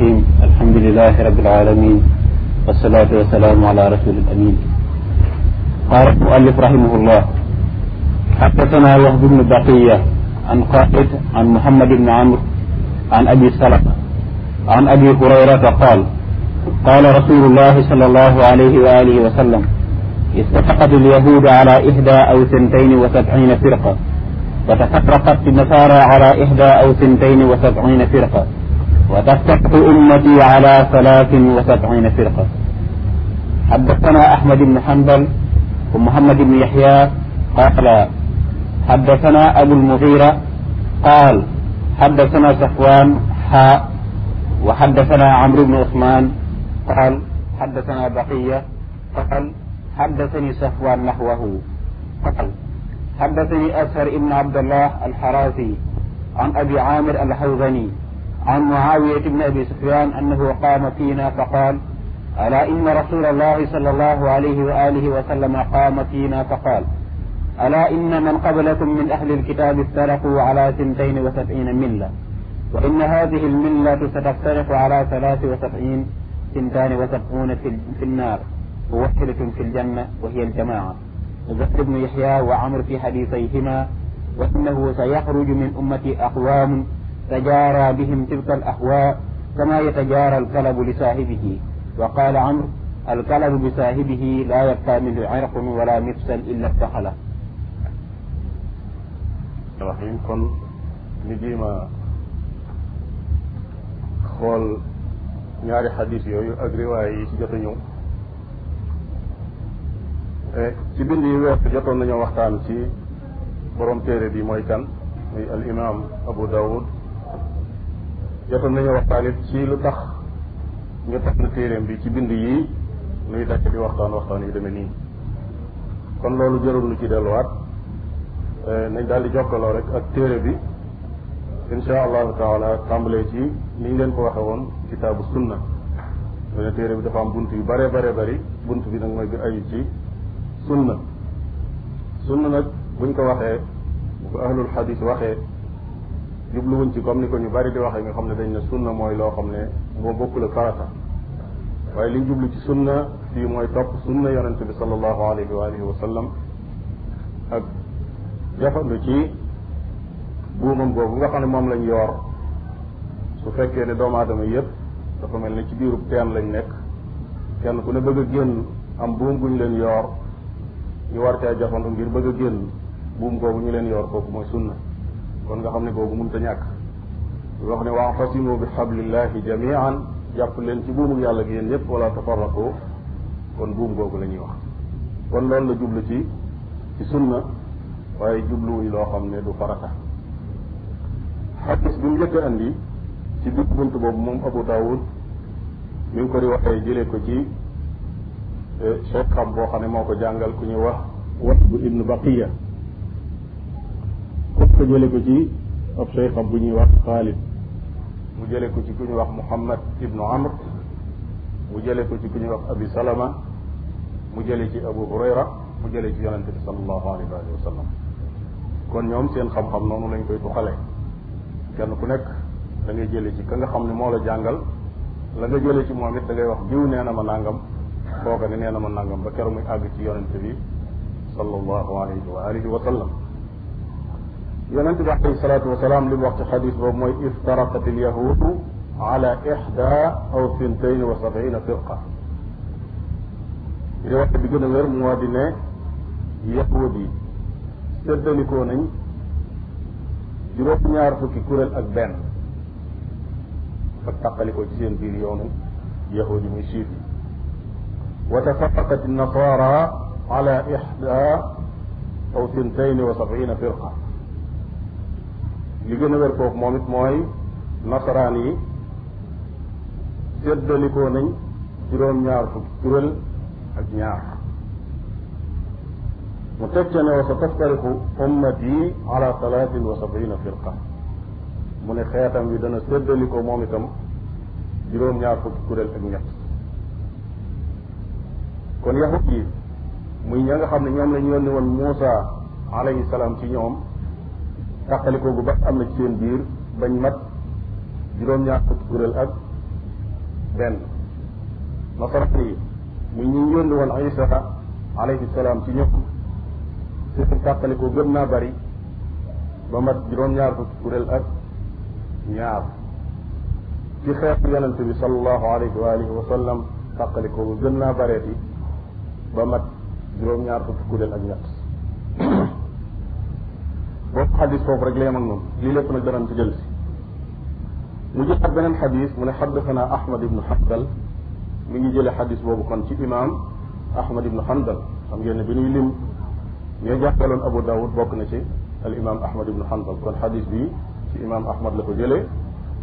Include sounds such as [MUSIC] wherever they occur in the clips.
الرحيم الحمد لله رب العالمين والصلاة والسلام على رسول الأمين قال المؤلف رحمه الله حدثنا وهب بن بقية عن قائد عن محمد بن عمرو عن أبي سلمة عن أبي هريرة قال قال رسول الله صلى الله عليه وآله وسلم اتفقت اليهود على إحدى أو ثنتين وسبعين فرقة وتفرقت النصارى على إحدى أو ثنتين وسبعين فرقة وتفتح أمتي على ثلاث وسبعين فرقة حدثنا أحمد بن حنبل ومحمد بن يحيى قال حدثنا أبو المغيرة قال حدثنا صفوان حاء وحدثنا عمرو بن عثمان قال حدثنا بقية قال حدثني صفوان نحوه قال حدثني أسهر بن عبد الله الحراسي عن أبي عامر الحوزني عن معاوية بن أبي سفيان أنه قام فينا فقال ألا إن رسول الله صلى الله عليه وآله وسلم قام فينا فقال ألا إن من قبلكم من أهل الكتاب افترقوا على ثنتين وسبعين ملة وإن هذه الملة ستفترق على ثلاث وسبعين ثنتان وسبعون في النار وواحدة في الجنة وهي الجماعة زهر بن يحيى وعمر في حديثيهما وإنه سيخرج من أمتي أقوام تجارى بهم تلك الأهواء كما يتجارى الكلب لصاحبه وقال عمرو الكلب بصاحبه لا يبقى منه عرق ولا مفصل إلا اتخله rahim kon ñu jéem a xool ñaari xadis yooyu ak riwaay yi ci jot a ñëw eh, ci bind yi weesu jotoon nañoo waxtaan ci borom téere bi mooy kan muy al imam Abu Dawud jotoon nañu waxtaan it ci lu tax ñu tànn téeréem bi ci bind yi luy dàcc di waxtaan waxtaan yu demee nii kon loolu jërul lu ci delluwaat euh, nañ daal di jokkaloo rek ak téere bi insha allahu taala tàmbalee ci ni leen ko waxe woon kitaabu sunna mene téere bi dafa am bunt yu bare bare bari bunt bi nag mooy bi aju ci sunna sunna nag buñ ko waxee bu ko ahlul xadis waxee jubluwuñ ci comme ni ko ñu bari di waxee nga xam ne dañ ne sunna mooy loo xam ne moo bokkul ak farata waaye liñ jublu ci sunna fii mooy topp sunna yonente bi sallallahu alayhi wa alihi wa sallam ak jafandu ci buumam boobu nga xam ne moom lañ yoor su fekkee ne doomu aadama yépp dafa mel ne ci biirub teen lañ nekk kenn ku ne bëgg a génn am buum guñ leen yoor ñu war caa jafandu ngir bëgg a génn buum boobu ñu leen yoor kooku mooy sunna kon nga xam ne boobu mënut a ñàkk wax ne waatasimu bi xablillahi jamian jàpp leen ci buumu yàlla gi yéen ñëpp wala tafarraqu kon buum googu lañuy wax kon loolu la jublu ci ci sunna waaye jubluwuñ loo xam ne du farata xadis bi mu njëkk a ci biir bunt boobu moom Abu Daawud mi ko di waxee jëlee ko ci eh, cheikh xam boo xam ne moo ko jàngal ku ñuy wax wat bu ibnu baqiya ko jële ko ci ab seyxam bu ñuy wax Xaalid mu jële ko ci ku ñuy wax Muhammad ibnu Amr mu jële ko ci ku ñuy wax Abi Salama mu jële ci Abu Hurayra mu jële ci yonente bi sallallahu alayhi wa sallam kon ñoom seen xam-xam noonu lañ koy tuxalee kenn ku nekk da ngay jële ci ka nga xam ne moo la jàngal la nga jële ci moom it da ngay wax jiw nee na ma nangam kooka ne nee na ma nangam ba keroog muy àgg ci yonente bi sallallahu alayhi wa alihi wa sallam yonente bi alayhi salaatu wasalaam li mu wax ci xadis boobu mooy iftaraqat alyahudu ala ixda aw sintayn wa sabiina firqa riwaaya bi gën a wér moo di ne yahud yi séddalikoo nañ juróom ñaar fukki kuréel ak benn ak taqalikoo ci seen biir yoonu yahud yi muy siif yi wa tafaraqat nasara ala ixda aw sintayn wa sabiina firqa li gën a moom it mooy nasaraan yi séddalikoo nañ juróom-ñaar fukki kuréel ak ñaar mu teg ca ne wa sa taftariqu ummati ala mu ne xeetam wi dana séddalikoo moom itam juróom-ñaar fukki kuréel ak ñett kon yahut yi muy ña nga xam ne ñoom lañu ñu yónni woon Muusa alayhi salaam ci ñoom tàqalikoo gu ba am na ci seen biir bañ mat juróom-ñaar fukki kuréel ak benn nasaraan yi muy ñu yónni woon Isa alayhi salaam ci ñëpp seen tàqalikoo gën naa bari ba mat juróom-ñaar fukki kuréel ak ñaar ci xeetu yonente bi salallahu alayhi wa alihi wa sallam tàqalikoo gu gën naa bareeti ba mat juróom-ñaar fukki kuréel ak ñett xadis foofu rek la yem ak lii lépp nag danañ ci jël si mu jëlaat beneen xadis mu ne xaddasana ahmad ibnu xambal mi ngi jële xadis boobu kon ci imam ahmad ibnu xambal xam ngeen ne bi nuy lim ñoo jàngaloon abu daawud bokk na ci al imam ahmad ibnu xambal kon xadis bi ci imam ahmad la ko jële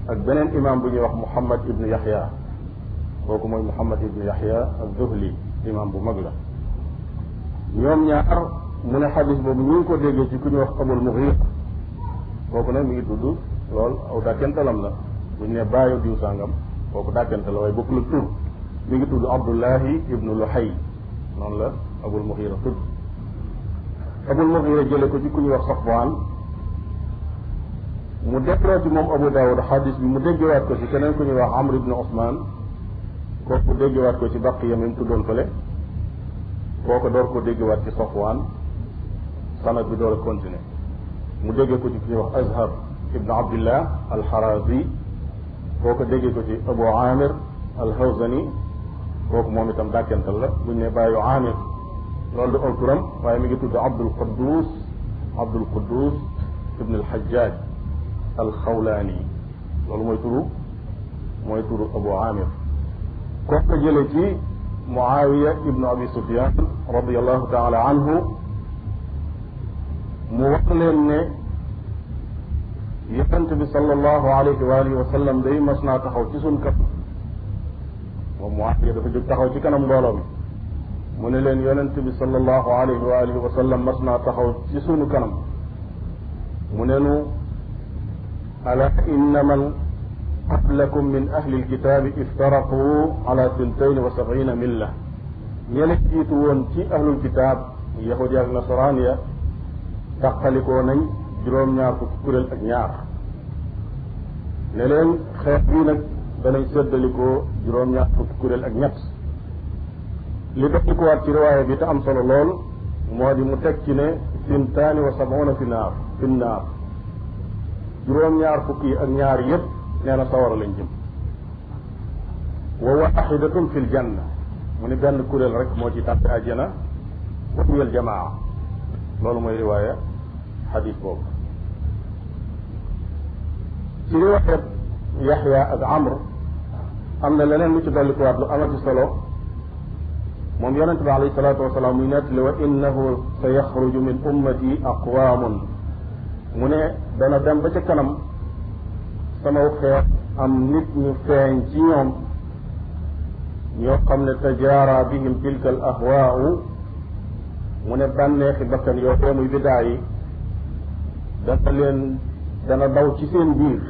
ak beneen imam bu ñuy wax muhammad ibnu yaxya kooku mooy muhammad ibnu yaxya al zuhli imam bu mag la ñoom ñaar mu ne xadis boobu ñu ngi ko déggee ci ku ñu wax amul muxiir kooku nag mu ngi tudd lool aw dàkkantalam la bu ñu ne baayu diw sàngam kooku dàkkante waaye bokkul ak tur mi ngi tudd Abdullahi ibnu Luhay noonu la abul muxiir a tudd abul muxiir a jële ko ci ku ñu wax Safwaan mu delloo ci moom Abu Daawud xadis bi mu déggewaat ko ci keneen ku ñuy wax Amr ibnu Osmaan kooku déggewaat ko ci baq yam yi mu tuddoon fële kooku door koo déggewaat ci Safwaan sanad bi door a continuer mu déggee ko ci ki ñuy wax azhar ibn abdillah alxarazi koo ko déggee ko ci abu amir alhawzani kooku moom itam dàkkental la buñ ne bàyyu amir loolu du aw turam waaye mi ngi tudd abdul quddus abdul quddus ibn alhajjaj alxawlaani loolu mooy turu mooy turu abu amir kooku ko jëlee ci muawiya ibnu abi sufyan radiallahu taala anhu mu wax leen ne yonent bi sallallahu alayhi wa alihi wa sallam day mas naa taxaw ci suñ kat moom Muawiya dafa jóg taxaw ci kanam mbooloo mi mu ne leen yonent bi sallallahu alayhi wa alihi wa sallam mas naa taxaw ci sunu kanam mu ne nu ala inna man qablakum min ahli lkitaabi iftaraqu ala tintayn wa sabina milla ñele jiitu woon ci ahlul kitaab yahudi ak nasaraan ya taxtalikoo nañ juróom-ñaar fukki kuréel ak ñaar ne leen xeet bii nag danañ séddalikoo juróom-ñaar fukki kuréel ak ñett li doxikuwaat ci riwaaya bi te am solo lool moo di mu teg ci ne sintaani wa sabuuna fi naar fi naar juróom-ñaar fukki ak ñaar yépp nee lañ jëm wa waxidatum fil janna mu ni benn kuréel rek moo ci tàbbi ajjana wa hiya loolu mooy riwaaya xadis boobu ci riwaaya yaxya ak amr am na leneen lu ci dollikuwaat lu amati solo moom yonente bi alayhi salaatu wasalaam muy nettali wa innahu sa yaxruju min ummati aqwaamun mu ne dana dem ba ca kanam sama xeet am nit ñu feeñ ci ñoom ñoo xam ne tajaara bihim tilka al ahwaau mu ne bànneexi bakkan yooyu muy biddaa yi dafa leen dana daw ci seen biir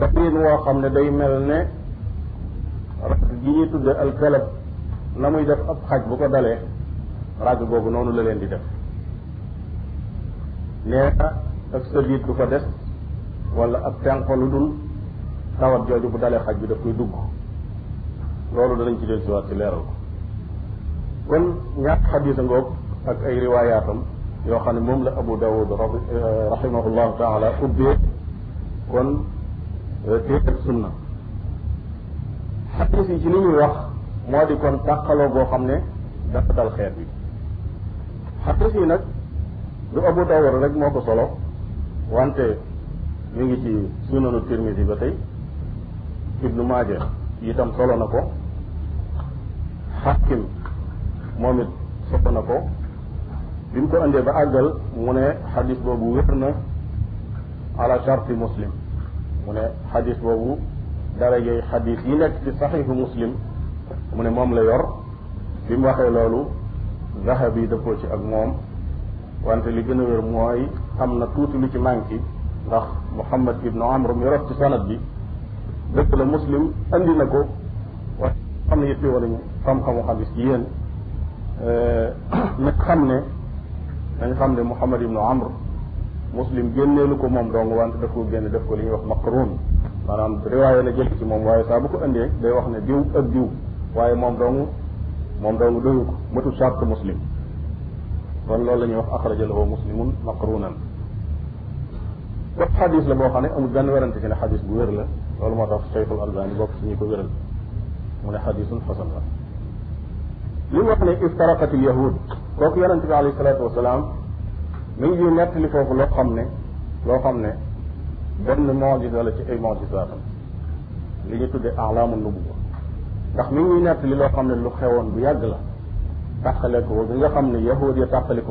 dawin woo xam ne day mel ne rag gi ñuy tudde alkalab na muy def ab xaj bu ko dalee rag boobu noonu la leen di def nee na ak sa biit du fa des wala ak tenqo lu dul tawat jooju bu dalee xaj bi daf koy dugg loolu danañ ci del siwaat ci leeral ko kon ñaar xadisa ngoog ak ay riwaayaatam yoo xam ne moom la Abu Dawud euh, rahimahullahu taala ubbee kon euh, téeréb sunna xadis yi ci li ñuy wax moo di kon tàqaloo boo xam ne dafa xeet bi xadis yi nag du Abu Dawud rek moo ko solo wante mi ngi ci sunanu Tirmisi ba tey Ibnu Maaja itam solo na ko Xakim moom it sopp na ko bi mu ko indee ba àggal mu ne xadis boobu wér na ala charti muslim mu ne xadis boobu dara yooyu xadis yi nekk ci saxiixu muslim mu ne moom la yor bi mu waxee loolu zahabi dëppoo ci ak moom wante li gën a wér mooy am na tuuti li ci manqué ndax Muhammad ibnu Amr mi yor ci sanad bi dëkk la muslim andi na ko wax xam ne yëpp wala ñu xam-xamu xadis yéen Euh, [CLEARS THROAT] nag xam ne dañ xam ne Muhammad ibnu Amr muslim génneelu ko moom dong wante daf ko génne def ko li ñuy wax maqrun maanaam riwaaya la jël ci moom waaye saa bu ko indee day wax ne diw ak diw waaye moom dong moom dong doyu ko matul sart muslim kon loolu lañuy wax axraja lahu muslimun maqrunan wax xadis la boo xam ne amul benn werante ci ne xadis bu wér la loolu moo tax Cheikhul Albani bokk ci ñi ko wéral mu ne xadisun xasan la li mu wax ne iftaraqatil yahud kooku yonente bi alayhi salaatu wasalaam mi ngi nettali foofu loo xam ne loo xam ne benn mojisa la ci ay mojisaatam li ñu tuddee alaamu nubuwa ndax mi ngi nettali loo xam ne lu xewoon bu yàgg la tàqalikoo bi nga xam ne yahud ya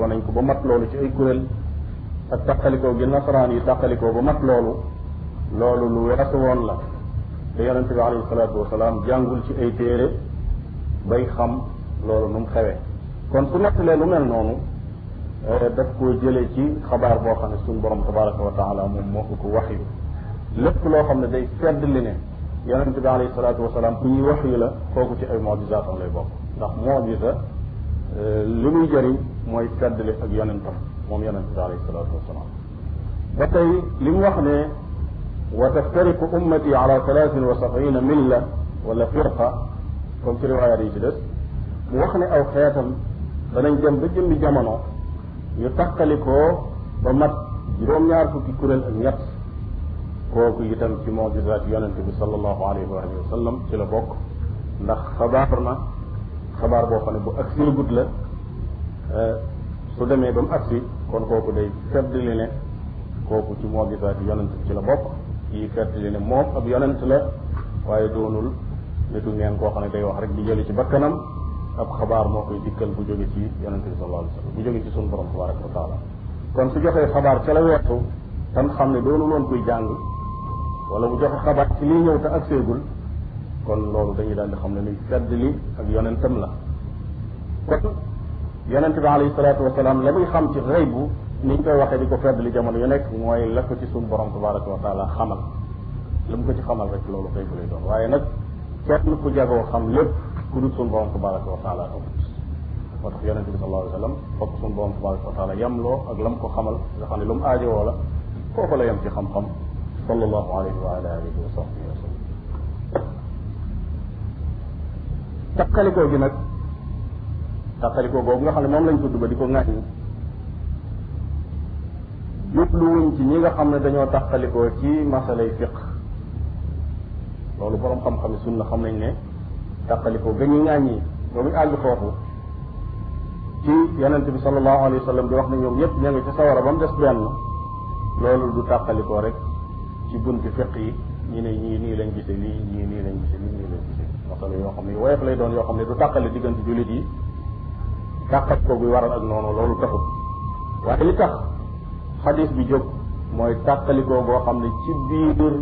nañ ko ba mat loolu ci ay kuréel ak tàqalikoo gi nasaraan yi tàqalikoo ba mat loolu loolu lu weesu woon la te yonente bi alayhi salaatu wasalaam jàngul ci ay téere bay xam loolu nu mu xewee kon su nettalee lu mel noonu eh, daf koo jëlee ci xabaar boo xam ne suñu borom tabaraka wa taala moom moo ko ko waxyu lépp loo xam ne day fedd li ne yonente bi alayhi salaatu wasalaam ku ñuy waxyu la kooku ci ay mojisaatam lay bokk ndax mojisa eh, li muy jëriñ mooy fedd li ak yonentam moom yonente bi alayhi salaatu wasalaam ba tey li mu wax ne wa taftariku ummati ala talaatin wa sabiina milla wala firqa comme ci riwaayaat yi ci des mu wax ne aw xeetam danañ dem ba jëmmi jamono ñu takkalikoo ba mat juróom-ñaar fukki kuréel ak ñett kooku itam ci mojisaat yonente bi sallallahu alayhi wa alihi wa sallam ci la bokk ndax xabaar na xabaar boo xam ne bu agsi lu gudd la su demee ba mu agsi kon kooku day feddli ne kooku ci mojisaat yonent bi ci la bokk yi feddli ne moom ab yonent la waaye doonul nitu ngeen koo xam ne day wax rek di jëli ci bakkanam ab xabaar moo koy dikkal bu jóge ci yonente bi sallallahu alayhi wa ci sunu borom tabaraka wa taala kon su joxee xabaar ca la weesu tan xam ne doonu loon kuy jàng wala bu joxe xabaar ci lii ñëw te ak seegul kon loolu dañuy daal di xam ne luy fedd li ak yonentam la kon yonente bi alayhi salaatu wasalaam la muy xam ci rëy bu ni ñu koy waxee di ko fedd li jamono yu nekk mooy la ko ci sunu borom tabaraka wa taala xamal la mu ko ci xamal rek loolu rëy bu lay doon waaye nag kenn ku jagoo xam lépp ku dul suñu borom tabaraka wa taala amut moo tax yonente bi sallallahu alayhi wa sallam fokk suñu borom tabaraka wa taala yamloo ak lam ko xamal nga xam ne lu mu aajowoo la foofu la yem ci xam-xam sallallahu alayhi wa gi nag taqalikoo boobu nga xam ne moom lañ tudd ba di ko ŋaañ yóbluwuñ ci ñi nga xam ne dañoo taqalikoo ci masalay fiq loolu borom xam-xam yi sunna xam nañ ne taqaliko gën ñu ñaañi ba muy àgg foofu ci yonente bi sallallahu alayhi wa sallam di wax ne ñoom ñëpp ña ngi ci sawara ba mu des benn loolu du tàqalikoo rek ci bunt fiq yi ñi ne ñii nii lañ gise lii ñii nii lañ gise lii nii yoo xam ne woyof lay doon yoo xam ne du tàqale diggante jullit yi tàqal ko guy waral ak noonu loolu taxut waaye li tax xadis bi jóg mooy tàqalikoo boo xam ne ci biir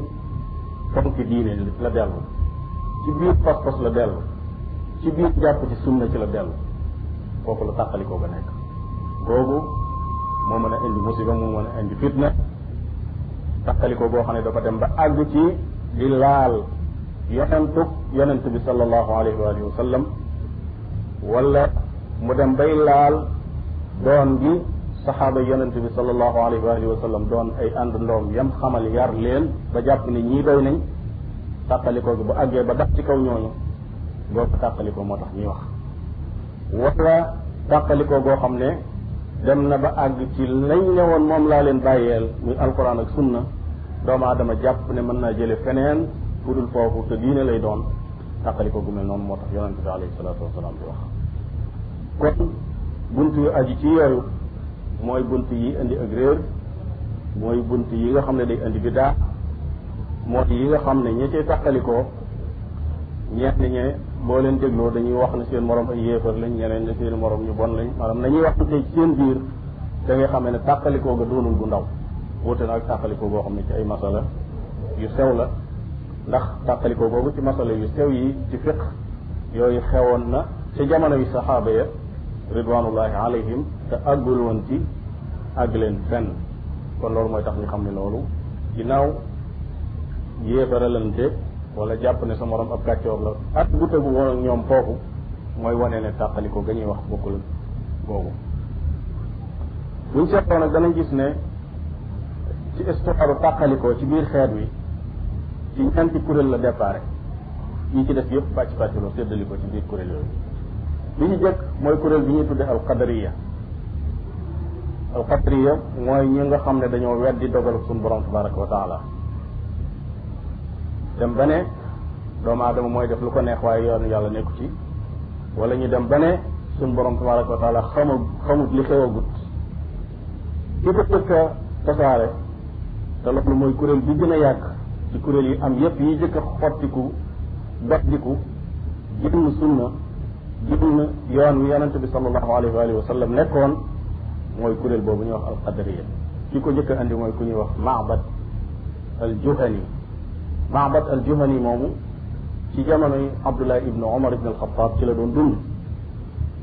fonk diine la dellu ci biir pas-pas la dellu ci biir jàpp ci sunna ci la dellu kooku la tàqalikoo ba nekk googu moo mën a indi musiba moo mën a indi fitna tàqalikoo boo xam ne dafa dem ba àgg ci laal yonentu yonent bi sallallahu alayhi wa alihi wa sallam wala mu dem bay laal doon gi saxaaba yonent bi sallallahu alayhi wa alihi wa doon ay ànd ndoom yam xamal yar leen ba jàpp ne ñii doy nañ tàqalikoo gi bu àggee ba daf ci kaw ñooñu googu tàqalikoo moo tax ñuy wax la tàqalikoo goo xam ne dem na ba àgg ci lañ ne woon moom laa leen bàyyeel muy alquran ak sunna doomu aadama jàpp ne mën naa jële feneen fu dul foofu te diine lay doon tàqalikoo gu mel noonu moo tax yonente bi alayhi salaatu wasalaam di wax kon bunt yu aji ci yooyu mooy bunt yi indi ak réer mooy bunt yi nga xam ne day indi biddaa moo yi nga xam ne ñi ciy tàqalikoo ñenn ñe boo leen dégloo dañuy wax na seen morom ay yéefar lañ ñeneen ne seen morom ñu bon lañ maanaam nañuy wax ci seen biir da nga xam ne tàqalikoo nga doonul gu ndaw wuute na ak tàqalikoo boo xam ne ci ay masala yu sew la ndax tàqalikoo boobu ci masala yu sew yi ci fiq yooyu xewoon na ca jamono yu saxaaba ya ridwanullahi alayhim te àggul woon ci àgg leen fenn kon loolu mooy tax ñu xam ne loolu ginnaaw yéefaralante wala jàpp ne sa morom ab kàccoor la ak bu tegu woon ak ñoom foofu mooy wane ne tàqaliko ga ñuy wax bokkul boobu buñ seetloo nag danañ gis ne ci histoire tàqalikoo ci biir xeet wi ci ñeenti kuréel la déparé yi ci def yëpp bàcc pàccloo séddali ko ci biir kuréel yooyu bi ñu jëkk mooy kuréel bi ñuy tudde alqadariya alqadariya mooy ñi nga xam ne dañoo weddi dogalu suñu borom tabaraka wa taala dem ba ne doomu aadama mooy def lu ko neex waaye yoonu yàlla nekku ci wala ñu dem ba ne suñ borom tabaraka wa taala xamul xamut li xewagut ki ko jëkk a tasaare te loolu mooy kuréel bi gën a yàgg ci kuréel yi am yépp yi jëkk a xottiku doddiku génn sunna génn yoon wi yonente bi salallahu alayhi wa alihi wa nekkoon mooy kuréel boobu ñuy wax alqadariya ki ko jëkk a mooy ku ñuy wax maabad al juhani Maabat al Juhani moomu ci jamonoy Abdullah ibnu Omar ibn al-Xattaab ci la doon dund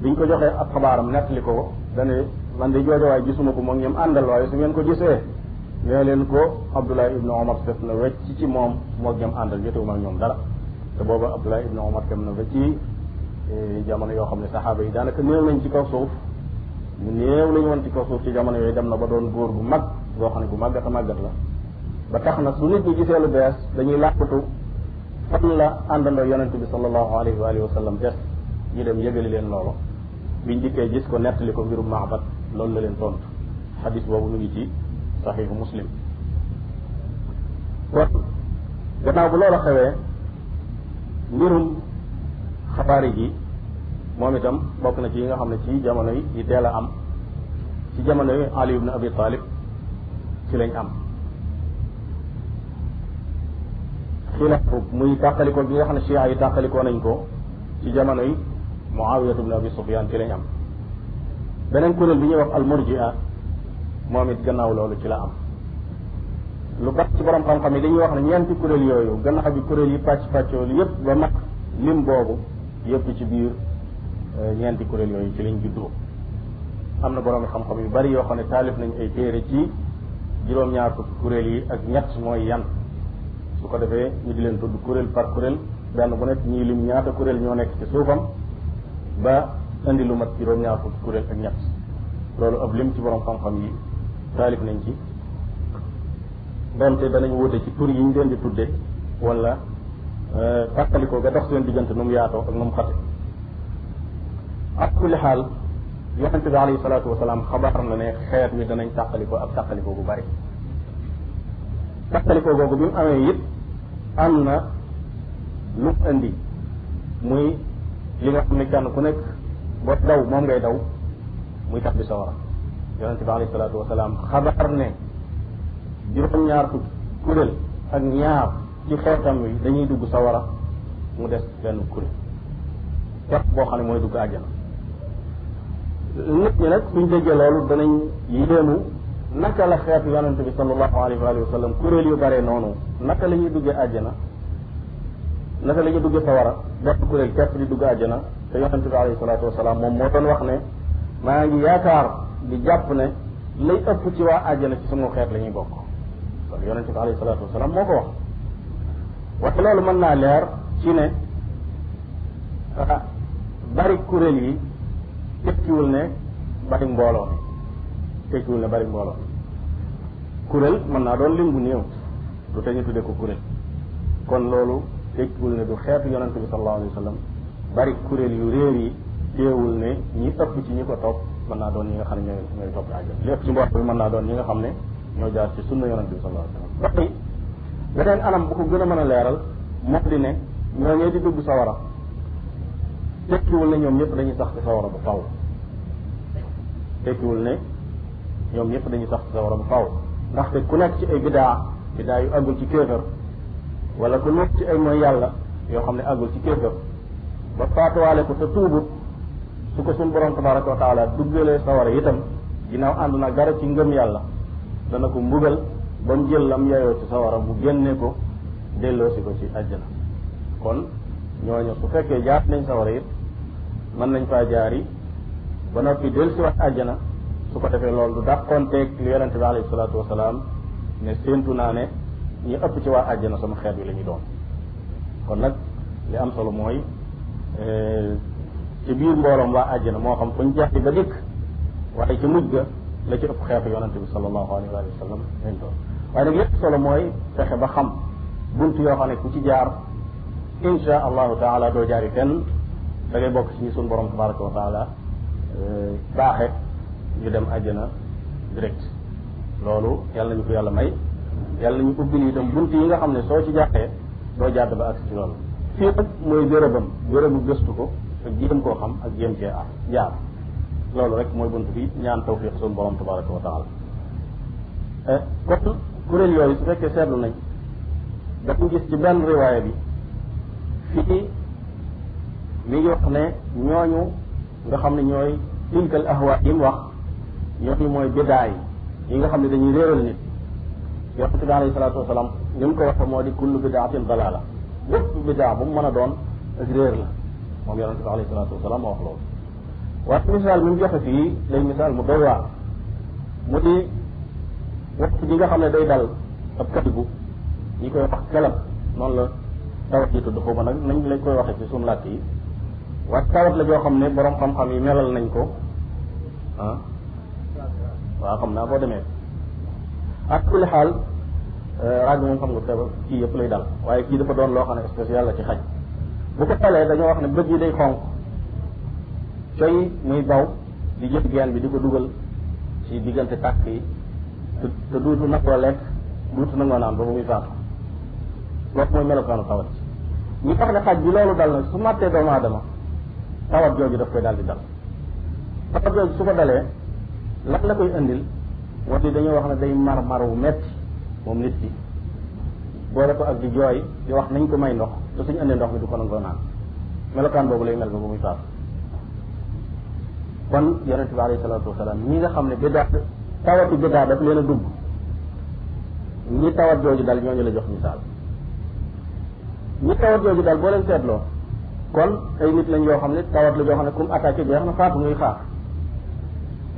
biñ ko joxee ab xabaaram li ko dane man de jooja waaye gisuma ko moom ñoom àndal waaye su ngeen ko gisee nee leen ko Abdullah ibnu Omar set na wecc ci moom moo ñoom àndal jotewuma ak ñoom dara te booba Abdullah ibnu Omar dem na ba ci e, jamono yoo xam ne saxaaba yi daanaka néew nañ ci kaw suuf mu néew lañ woon ci kaw suuf ci jamono yooy dem na ba doon góor gu mag boo xam ne bu màggat a màggat la ba tax na su nit ñi gisee lu bees dañuy làqatu fan la àndandoo yonente bi sallallahu alayhi wa alihi wa des ñu dem yëgali leen loolu biñ dikkee gis ko nettali ko mbirum Maabad loolu la leen tontu xadis boobu mu ngi ci saxiixu muslim gannaaw bu loolu xewee mbirum xabaari ji moom itam bokk na ci yi nga xam ne ci jamono yi dee teel am ci jamono yi Ali ibn Abi Talib ci lañ am xilaf muy tàqalikoo bi nga xam ne chia yi tàqalikoo nañ ko ci jamono yi Muawiya ibn Abi Sufyan ci lañ am beneen kuréel bi ñuy wax al murji'a moom it gannaaw loolu ci la am lu bari ci borom xam-xam yi dañuy wax ne ñeenti kuréel yooyu gannaaw bi kuréel yi pàcc pàccoo yëpp ba mag lim boobu yëpp ci biir euh, ñeenti kuréel yooyu ci lañ juddoo am na borom xam-xam yu bari yoo xam ne taalif nañ ay téere ci juróom-ñaar fukki kuréel yi ak ñett mooy yan su ko defee ñu di leen tudd kuréel par kurél benn bu nekk ñii lim ñaata kuréel ñoo nekk ci suufam ba indi lu mat juróom-ñaar fukki kuréel ak ñett loolu ab lim ci borom xam-xam yi taalif nañ ci te danañ wute ci tur yi ñu leen di tudde wala euh, fàttalikoo ga dox seen diggante nu mu yaatoo ak nu mu xate ak kulli xaal yonente bi alayhi salaatu wasalaam xabaar na ne xeet wi danañ tàqalikoo ak tàqalikoo bu bari tàqalikoo googu bi mu amee it am na lu indi muy li nga xam ne kenn ku nekk ba daw moom ngay daw muy tax bi sawara yonente bi alayhi salaatu wasalaam xabaar ne juróom-ñaar fukki kuréel ak ñaar ci xeetam wi dañuy dugg sawara mu des benn kuréel képp boo xam ne mooy dugg àjjana nit ñi nag suñ déggee loolu danañ yéemu naka la xeetu yonente bi sallallahu alayhi wa sallam kuréel yu bare noonu naka la ñuy duggee na naka la ñuy duggee sawara benn kuréel képp di dugg àjjana te yonente bi alayhi salaatu wasalaam moom moo doon wax ne maa ngi yaakaar di jàpp ne lay ëpp ci waa àjjana ci sunu xeet lañuy bokk loolu yonente bi salaatu wasalaam moo ko wax waaye loolu mën naa leer ci ne ah, bari kuréel yi tekkiwul ne bari mbooloo tekkiwul ne bari mbooloo kuréel mën naa doon lim bu néew du te ñu tudde ko kuréel kon loolu tekkiwul ne du xeetu yonente bi sallallahu alayhi wa bari kuréel yu réer yi teewul ne ñi ëpp ci ñi ko topp mën naa doon ñi nga xam ne ñooy ñooy topp àjjana li ci mboot bi mën naa doon ñi nga xam ne ñoo jaar ci sunna yonente bi sallallahu alayhi wa sallam beneen anam bu ko gën a mën a leeral moo di ne ñooñee di dugg sawara tekkiwul ne ñoom ñépp dañuy sax ci sawara bu faw tekkiwul ne ñoom ñëpp dañuy sax ci sawara bu faw ndaxte ku nekk ci ay bidaa biddaa yu àggul ci kéefër wala ku nekk ci ay mooy yàlla yoo xam ne àggul ci kéefër ba faatuwaale ko te tuubut su ko suñ borom tabaraka wa taala duggalee sawara itam ginnaaw ànd na ci ngëm yàlla dana ko mbugal ba mu jël lam yayoo ci sawara bu génne ko delloosi ko ci àjjana kon ñooñu su fekkee jaar nañ sawara it mën nañ faa jaar yi ba noppi dellusi wax àjjana su ko defee lool du dàqoonteeg li yonente bi alayhi salaatu wasalaam ne séentu naa ne ñi ëpp ci waa àjjana sama xeet wi la ñu doon kon nag li am solo mooy eh, ci biir mbooloom waa na moo xam fu ñu jeexi ba dikk waaye ci mujj ga la ci ëpp xeetu yonante bi sallallahu alayhi wa sallam lañ doon waaye nag lépp solo mooy fexe ba xam bunt yoo xam ne ku ci jaar insha allahu taala doo jaari fenn da ngay bokk ci suñu borom tabaraka wa taala eh, baaxe ñu dem àjjana direct loolu yàlla ñu ko yàlla may yàlla ñu ubbil itam bunt yi nga xam ne soo ci jàppee doo jàdd ba agsi ci loolu fii nag mooy bérébam bérébu gëstu ko ak jéem koo xam ak jéem cee ah jaar loolu rek mooy bunt bi ñaan tawfiq suñu borom tabaraka wa taala eh, kon kuréel yooyu su fekkee seetlu nañ dañu gis ci benn riwaaya bi fii mi ngi wax ne ñooñu nga xam ne ñooy tilkal ahwa yi mu wax ñooñu mooy bidaa yi nga xam ne dañuy réeral nit yonente bi alayhi salaatu wasalaam li mu ko waxe moo di kullu bidaatin dalaala bépp bidaa bu mu mën a doon ak réer la moom yonente bi alayhi salaatu wasalaam moo wax loolu waaye misaal mi mu joxe fii lay misaal mu doy waar mu di waxtu bi nga xam ne day dal ab kalibu ñi koy wax kelab noonu la tawat yi tudd xuma nag nañ lañ koy waxe ci suñu làkk yi waaye tawat la joo xam ne borom xam-xam yi melal nañ ko ah. waaw xam naa boo demee ak kulli xaal euh, ràgg moom xam nga kii yëpp lay dal waaye kii dafa doon loo xam ne spécial la ci xaj bu ko talee dañoo wax ne bët yi day xonq coy muy baw di jël geen bi di ko dugal ci diggante tàkk yi te te duutu nangoo lekk duutu nangoo naan ba muy faatu loolu mooy melokaanu tawat ñi tax ne xaj bi loolu dal na su màttee doomu aadama tawat jooju daf koy daal di dal tawat jooju su ko dalee lan la koy indil wat li dañoo wax ne day mar mar wu metti moom nit ki boole ko ak di jooy di wax nañ ko may ndox te suñu indee ndox mi du ko nangoo naan melokaan boobu lay mel ba bu muy faatu kon yonente bi alayhi salaatu wasalaam ñi nga xam ne biddaa tawati biddaa daf leen a dugg ñi tawat jooju dal ñooñu la jox misaal ñi tawat jooju dal boo leen seetloo kon ay nit lañ yoo xam ne tawat la joo xam ne kum attaqué jeex na faatu ngay xaar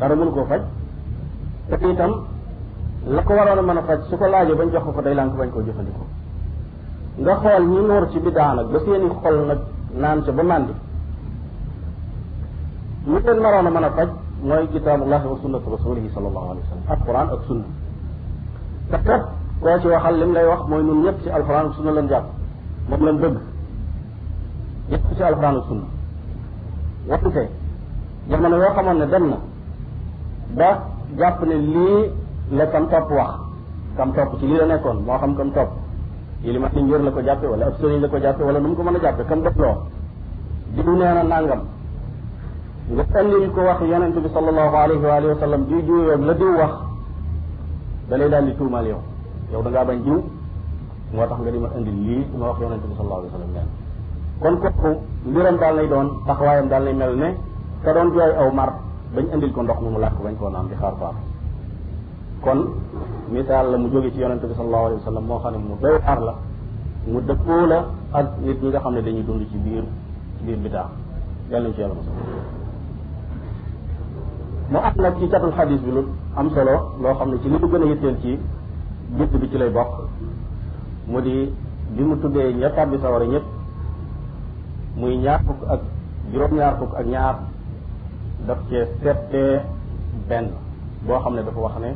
dara mënu koo faj te itam la ko waroon a mën a faj su ko laajee bañ jox ko ko day lànk bañ koo jëfandikoo nga xool ñi noor ci biddaa nag ba seeni xol nag naan ca ba màndi ñu leen naroon a mën a faj mooy kitaabullahi wa sunnatu rasulihi sallallahu alayhi wa sallam alquran ak sunna te kat koo ci waxal lim lay wax mooy ñun ñëpp ci alquran ak sunna lañ jàpp moom lañ bëgg yëpp ci alquran ak sunna wante jamono yoo xamoon ne dem na ba jàpp ne lii la kam topp wax kam topp ci lii la nekkoon moo xam kam topp li ni njër la ko jàppe wala ab sëriñ la ko jàppe wala nu ko mën a jàppe kam doploo diw nee na nàngam nga andil ko wax yonente bi sallallahu alayhi wa alihi wa sallam di juyoog la diw wax da lay daal di tuumaal yow yow da ngaa bañ diw moo tax nga di ma indil lii su ma wax yonente bi sallallahu alayhi wa sallam leen kon kooku mbiram daal lay doon taxawaayam daal lay mel aw mar bañ indil ko ndox mi mu làkk bañ koo naan di xaar baax kon misaal la mu jóge ci yonente bi sallallahu alayhi wa sallam moo xam ne mu doy waar la mu dëppoo la ak nit ñi nga xam ne dañuy dund ci biir ci biir bidaa yàlla nañ ci yàlla mos solo loo xam ne ci li mu gën a yitteel ci bitt bi ci lay bokk mu di bi mu tuddee ña tàbbi sawara ñëpp muy ñaar fukk ak juróom-ñaar fukk ak ñaar daf cee settee benn boo xam ne dafa wax ne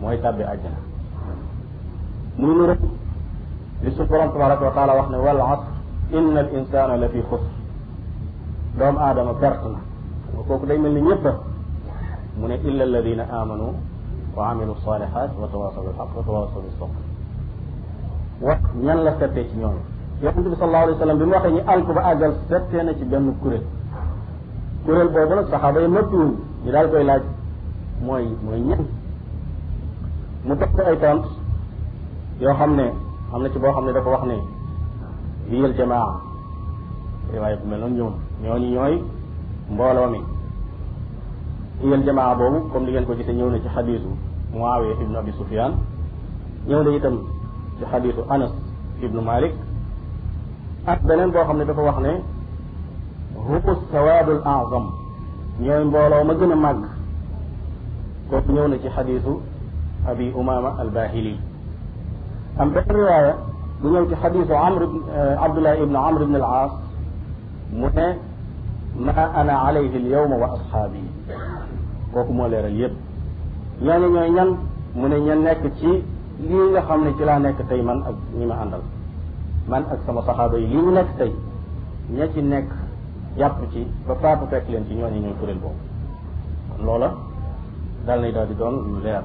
mooy tàbbi àjjana muy lu rek li su borom tabaraka wa taala wax ne wal asr inna al insana la fi xusr doomu aadama perte na nga kooku day mel ni ñëpp mu ne illa alladina amanu wa amilu salihat wa tawasaw bil haq wa tawasaw bis sabr wax ñan la settee ci ñooñu yonente bi sallallahu alayhi wa sallam bi mu waxee ñi alku ba àggal settee na ci benn kuréel kuréel boobu nag saxaaba yi noppiwuñ ñu daal koy laaj mooy mooy ñan mu teg ko ay tont yoo xam ne am na ci boo xam ne dafa wax ne liyal jamaa riwaaya bu mel noonu ñoom ñooñu ñooy mbooloo mi liyal jamaa boobu comme li ngeen ko gisee ñëw na ci xadiisu Muawiya ibnu Abi Sufyaan ñëw na itam ci xadiisu Anas ibnu Malik ak beneen boo xam ne dafa wax ne humu sawaabul azam ñooy mbooloo ma gën a màgg kooku ñëw na ci xadiisu abi umama am benn riwaaya bu ñëw ci xadiisu amr eh, abdullah ibn amr ibn al aas mu ne ma ana alayhi al yawma wa ashaabi kooku moo leeral yépp ñooñu ñooy ñan mu ne ña nekk ci lii nga ne ci laa nekk tey man ak ñi ma àndal man ak sama saxaaba yi lii ñu nekk tey ña ci nekk jàpp ci ba faatu fekk leen ci ñoo ñooñu ñooy kuréel boobu kon loola daal nay daal di doon lu leer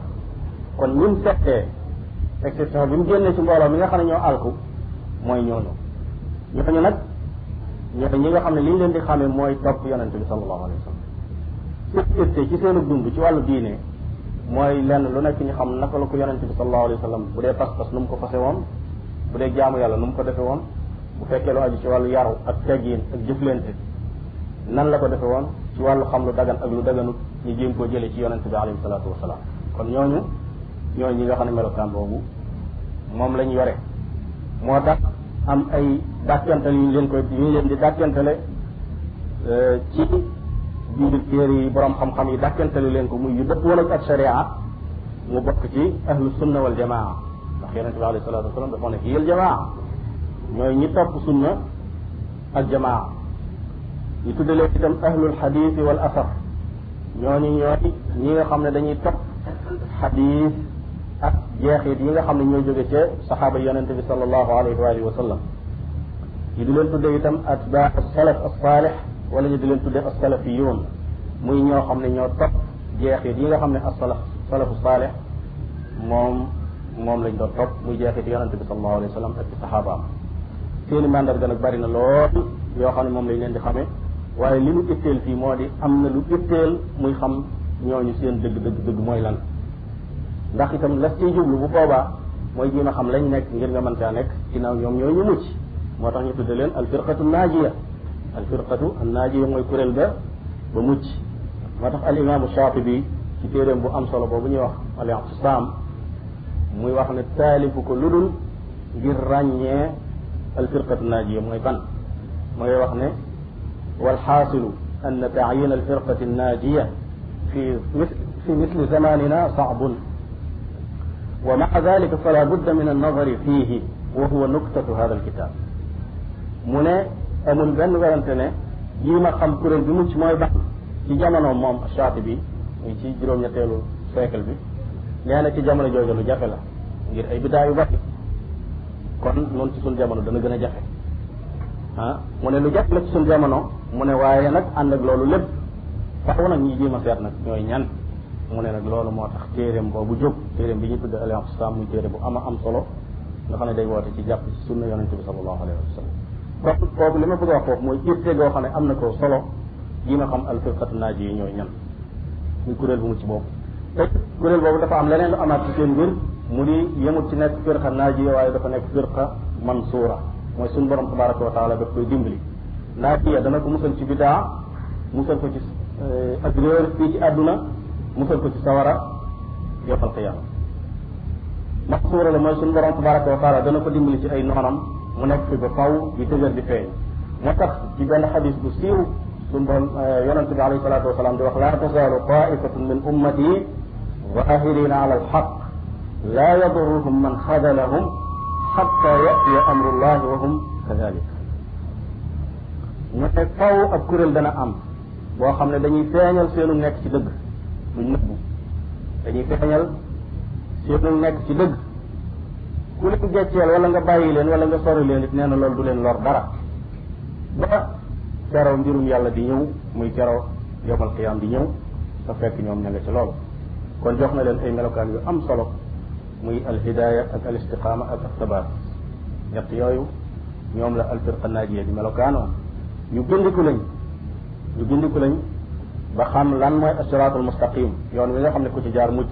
kon ni mu settee exception bi mu génnee ci mbooloo mi nga xam ne ñoo alku mooy ñooñu ñooñu nag ñooñu ñi nga xam ne li ñu leen di xamee mooy topp yonente bi sallallahu alayhi wa sallam sécurité ci seenu dund ci wàllu diine mooy lenn lu nekk ñu xam naka la ko yonente bi sallallahu alayhi wa bu dee pas-pas nu mu ko fase woon bu dee jaamu yàlla nu mu ko defe woon bu fekkee lu aju ci wàllu yaru ak teggiin ak jëflante nan la ko defe woon ci wàllu xam lu dagan ak lu daganut ñu jéem koo jëlee ci yonente bi alayhi salaatu wasalaam kon ñooñu ñooñu ñi nga xam ne melokaan boobu moom lañ yore moo tax am ay dàkkantal yu ñu leen koy yu leen di dàkkantale euh, ci biir téere yi borom xam-xam yi dàkkantale leen ko muy yu dëpp woon ak sharia mu bokk ci ahlu sunna wal jamaa ndax yonente bi alayhi salaatu wasalaam dafa ne hiyal jamaa ñooy ñi topp sunna ak jamaa ñu tudde leen itam ahlul xadiis wal asar ñooñu ñooy ñi nga xam ne dañuy topp xadiis ak jeexit yi nga xam ne ñooy jóge ca saxaaba yonent bi sallallahu alayhi wa alihi wa sallam ñu di leen tudde itam atbaa salaf as-saalix wala ñu di leen tudde as-salafiyuun muy ñoo xam ne ñoo topp jeexit yi nga xam ne as-salaf salafu saalix moom moom lañ doon topp muy jeexit yonent bi sallallahu alayhi wa sallam ak ci saxaabaam seeni mandarga nag bari na lool yoo xam ne moom lañ leen di xamee waaye li mu itteel fii moo di am na lu itteel muy xam ñooñu seen dëgg dëgg dëgg mooy lan ndax itam las ciy jublu bu boobaa mooy jéem a xam lañ nekk ngir nga man caa nekk ginnaaw ñoom ñooy ñu mucc moo tax ñu tudde leen alfirqatu naajiya alfirqatu annaajiya mooy kuréel ba ba mucc moo tax al imaamu bi ci téeréem bu am solo boobu ñuy wax al i'tisaam muy wax ne taalifu ko lu dul ngir ràññee alfirqatu naajiya mooy ban mooy wax ne والحاصل أن تعيين الفرقة الناجية في مثل في مثل زماننا صعب ومع ذلك فلا بد من النظر فيه وهو نكتة هذا الكتاب mu ne amul benn werante ne lii ma xam kuréel bi mucc mooy baax ci jamono moom Shaatibi muy ci juróom-ñetteelu siècle bi nee na ci jamono jooju lu jafe la ngir ay bidaa yu bari kon noonu ci suñ jamono dana gën a jafe ah mu ne lu jafe la ci suñ jamono mu ne waaye nag ànd ak loolu lépp faaw nag ñi jéem ma seet nag ñooy ñan mu ne nag loolu moo tax téeréem boobu jóg téeréem bi ñu tudd Al Ihsaan muy téere bu ama am solo nga xam ne day woote ci jàpp ci sunna yonent bi sallallahu alayhi wa sallam kon li ma bëgg a wax foofu mooy irte goo xam ne am na koo solo jéem a xam al firqatu naaji yi ñooy ñan muy kuréel bu mu ci boobu te kuréel boobu dafa am leneen lu amaat ci seen mbir mu di yemut ci nekk firqa naaji waaye dafa nekk firqa mansuura mooy suñu borom tabaraka wa taala daf koy dimbali laafiya dana ko musal ci bidaa musal ko ci eh, ak réer fii ci àdduna musal ko ci sawara yowmal qiyaama maxsuura la mooy suñu borom tabaraka wa taala dana ko dimbali ci ay noonam mu nekk fi ba faw di dëgër di feeñ moo tax ci benn xadis bu siiw suñu borom eh, yonente bi alayhi salaatu wasalaam di wax laa tasaalu taifatun min ummati zahirina ala alxaq laa yaduruhum man xadalahum xatta yatiya amrullahi wa hum kadalik mu ne faw ab kuréel dana am boo xam ne dañuy feeñal seenu nekk ci dëgg duñ nëbbu dañuy feeñal seenu nekk ci dëgg ku leen gecceel wala nga bàyyi leen wala nga sori leen it nee na loolu du leen lor dara ba keroo mbirum yàlla di ñëw muy keroo yomal xiyaam di ñëw sa fekk ñoom ña nga ci loolu kon jox na leen ay melokaan yu am solo muy al hidaaya ak al istiqaama ak ak tabaat ñett yooyu ñoom la al firqa naajiya di melokaanoon ñu gindiku lañ ñu gindiku lañ ba xam lan mooy asiraatul mustaqim yoon wi nga xam ne ku ci jaar mucc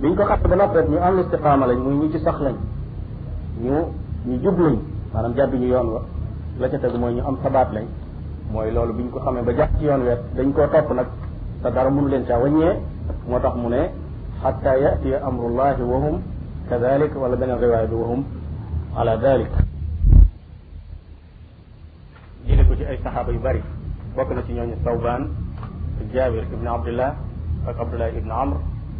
biñ ko xam ba noppet ñu am istiqaama lañ muy ñu ci sax lañ ñu ñu jub lañ maanaam jàddu ñu yoon wa la ca tegu mooy ñu am sabaat lañ mooy loolu biñ ko xamee ba jàpp ci yoon wet dañ koo topp nag te dara mënu leen caa wàññee moo tax mu ne xatta yatiya amrullahi wahum kadalik wala beneen riwaaya bi wahum ala dalik jële ko ci ay saxaaba yu bari bokk na ci ñooñu Sawbaan ak Jaabir ibn Abdullah ak Abdullah ibn Amr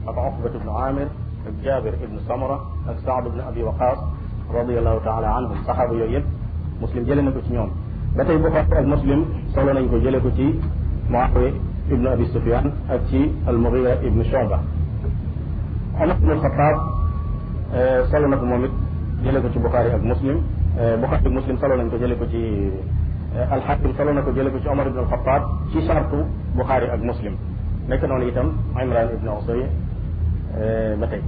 ak Uqbat ibn Amir ak Jaabir ibn Samra ak Saad ibn Abi Waqaas radiallahu taala anhum saxaaba yooyu yëpp muslim jële na ko ci ñoom ba tey Buxaari ak muslim solo nañ ko jële ko ci Muawiya ibn Abi Sufyaan ak ci al-Mughira ibn Shuba Omar ibn Xataab eh, solo na ko moom it jële ko ci Buxaari ak muslim eh, Buxaari ak muslim solo nañ ko jële ko ci alxakim solo na ko jële ko ci Omar ibn al-Xattaab ci sartu Buxaari ak Muslim nekk noonu itam Imran ibn Usoy eh, ba tey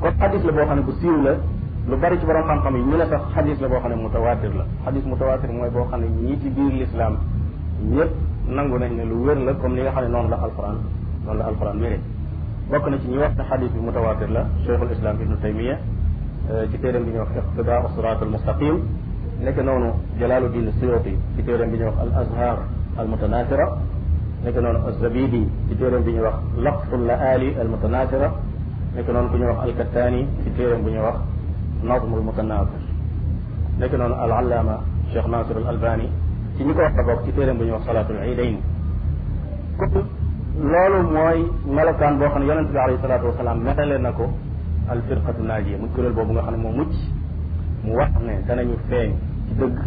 kon xadis la boo xam ne bu siiw la lu bari ci borom xam-xam yi ñu ne sax xadis la boo xam ne mutawaatir la xadis mutawaatir mooy boo xam ne ñii ci biir lislaam ñëpp nangu nañ ne lu wér la comme ni nga xam ne noonu la alquran noonu la alquran wéree bokk na ci ñi wax ne xadis bi mutawaatir la cheikhul islam ibnu taymiya eh, ci téeram bi ñuy wax iqtidaa sirat al mustaqim nekk noonu Jalaaluddin Suyuti ci téeréem bi ñuy wax al azhar al mutanasira nekk noonu az-Zabidi ci téeréem bi ñuy wax laqful laali al mutanasira nekk noonu ku ñuy wax al-Kattaani ci bu ñuy wax nazmul mutanasir nekk noonu al allaama Cheikh Nasir al Albani ci ñi ko wax bu ñuy wax salaatul iidayn kon loolu mooy melokaan boo xam ne yonente bi alayhi salaatu wasalaam metale na ko al firqatu naajiya muy kuréel boobu nga xam ne moo mucc mu wax ne danañu feeñ ci dëgg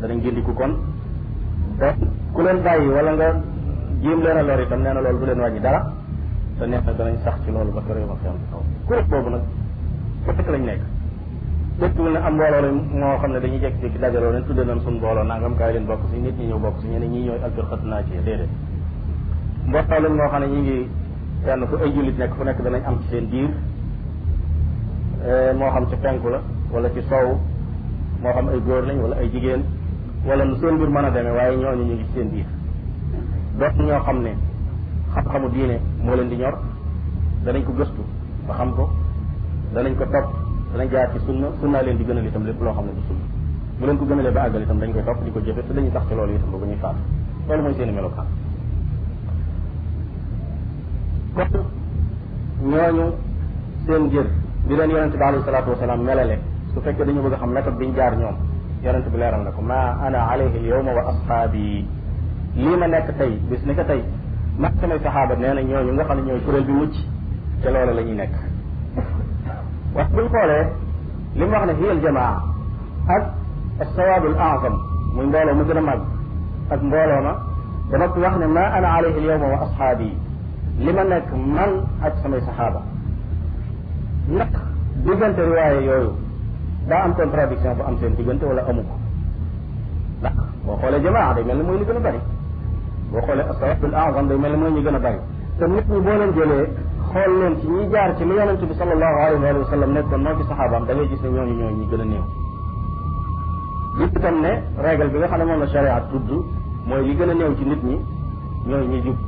danañ gindiku kon donc ku leen bàyyi wala nga jéem leen a lor itam nee na loolu bu leen wàññi dara te nee na danañ sax ci loolu ba kër yoma xiyam taw kuréel boobu nag fa fekk lañ nekk dëkkul ne am mbooloo la moo xam ne dañuy jekk-jékki dajaloo leen tudde nañ suñu mbooloo nangam kaay leen bokk si nit ñi ñëw bokk si ñeneen ñi ñooy alfir xët naa ci déedéet mbooloo lañ moo xam ne ñi ngi kenn fu ay jullit nekk fu nekk danañ am seen biir eh, moo xam ci penku la wala ci soow moo xam ay góor lañ wala ay jigéen wala nu seen mbir mën a demee waaye ñooñu ñu ngi seen biir doon ñoo xam ne xam-xamu diine moo leen di ñor danañ ko gëstu ba xam ko danañ ko topp danañ jaar ci sunna sunna leen di gënal itam lépp loo xam ne du sunna bu leen ko gënalee ba àggal itam dañ koy topp di ko jëfe te dañuy tax ci loolu itam ba bu ñuy faatu loolu mooy seeni melokaan kon ñooñu seen jër bi leen yonente bi alayhi salaatu wasalaam melale su fekkee dañu bëgg a xam méthode bi ñu jaar ñoom yonent bi ram na ko ma ana alayhi al yawma wa ashaabi lii ma nekk tey bis ni ko tey mag samay saxaaba nee na ñooñu nga xam ne ñooy kuréel bi mucc te loolu la ñuy nekk wax buñ xoolee li mu wax ne hiya al jamaa ak as-sawaab al a'zam muy mbooloo mu gën a mag ak mbooloo ma ba ne ma ana alayhi al yawma wa ashaabi li ma nekk man ak samay yooyu daa am contradiction bu am seen diggante wala amu ko ndax boo xoolee jamaa day mel ne mooy ñu gën a bëri boo xoolee asalatul azam day mel ne mooy ñu gën a bëri te nit ñi boo leen jëlee xool leen ci ñi jaar ci lu yonente bi sallallahu alayhi wa sallam nekkoon moo ci saxaabaam da ngay gis ne ñooñu ñooñu ñi gën a néew gis itam ne règle bi nga xam ne moom a sharia tudd mooy yi gën a néew ci nit ñi ñooy ñi jub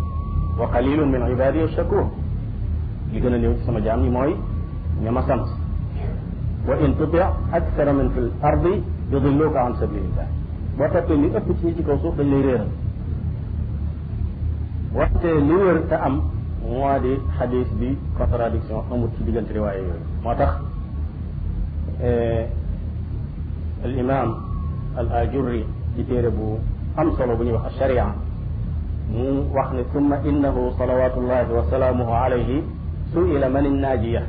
wa qalilun min ibadi shakur li gën a néew ci sama jaam ñi mooy ña ma wa in tuti' akthara min fil ardi yudilluka an sabilillah boo toppee li ëpp ci ci kaw suuf dañ lay réeral wante li wér te am moo di xadis bi contradiction amut ci diggante riwaaye yooyu moo tax eh, al imam al ajurri ci téere bu am solo bu ñuy wax asharia mu wax ne summa innahu salawatullahi wa salaamuhu alayhi suila man innaajiya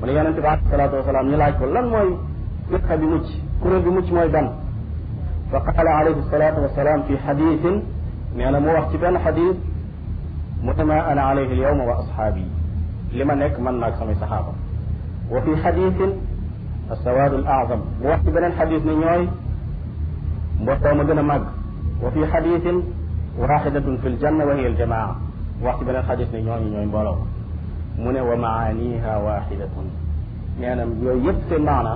mu ne yonente bi alayhi salaatu wasalaam ñu laaj ko lan mooy firqa bi mucc kuréel bi mucc mooy ban fa qaala alayhi salaatu wasalaam fi xadiisin nee na mu wax ci benn xadiis mu ne ma ana alayhi alyawma wa ashaabi li ma nekk man naag samay saxaaba wa fi xadiisin assawaadu al azam mu wax ci beneen xadiis ni ñooy mbooloo ma gën a màgg wa fi xadiisin waaxidatun fi ljanna wa hiya aljamaa mu wax ci beneen xadiis ni ñooñu ñooy mbooloo mu ne wa maaniha waxidatun nee na yooyu yëpp seen maana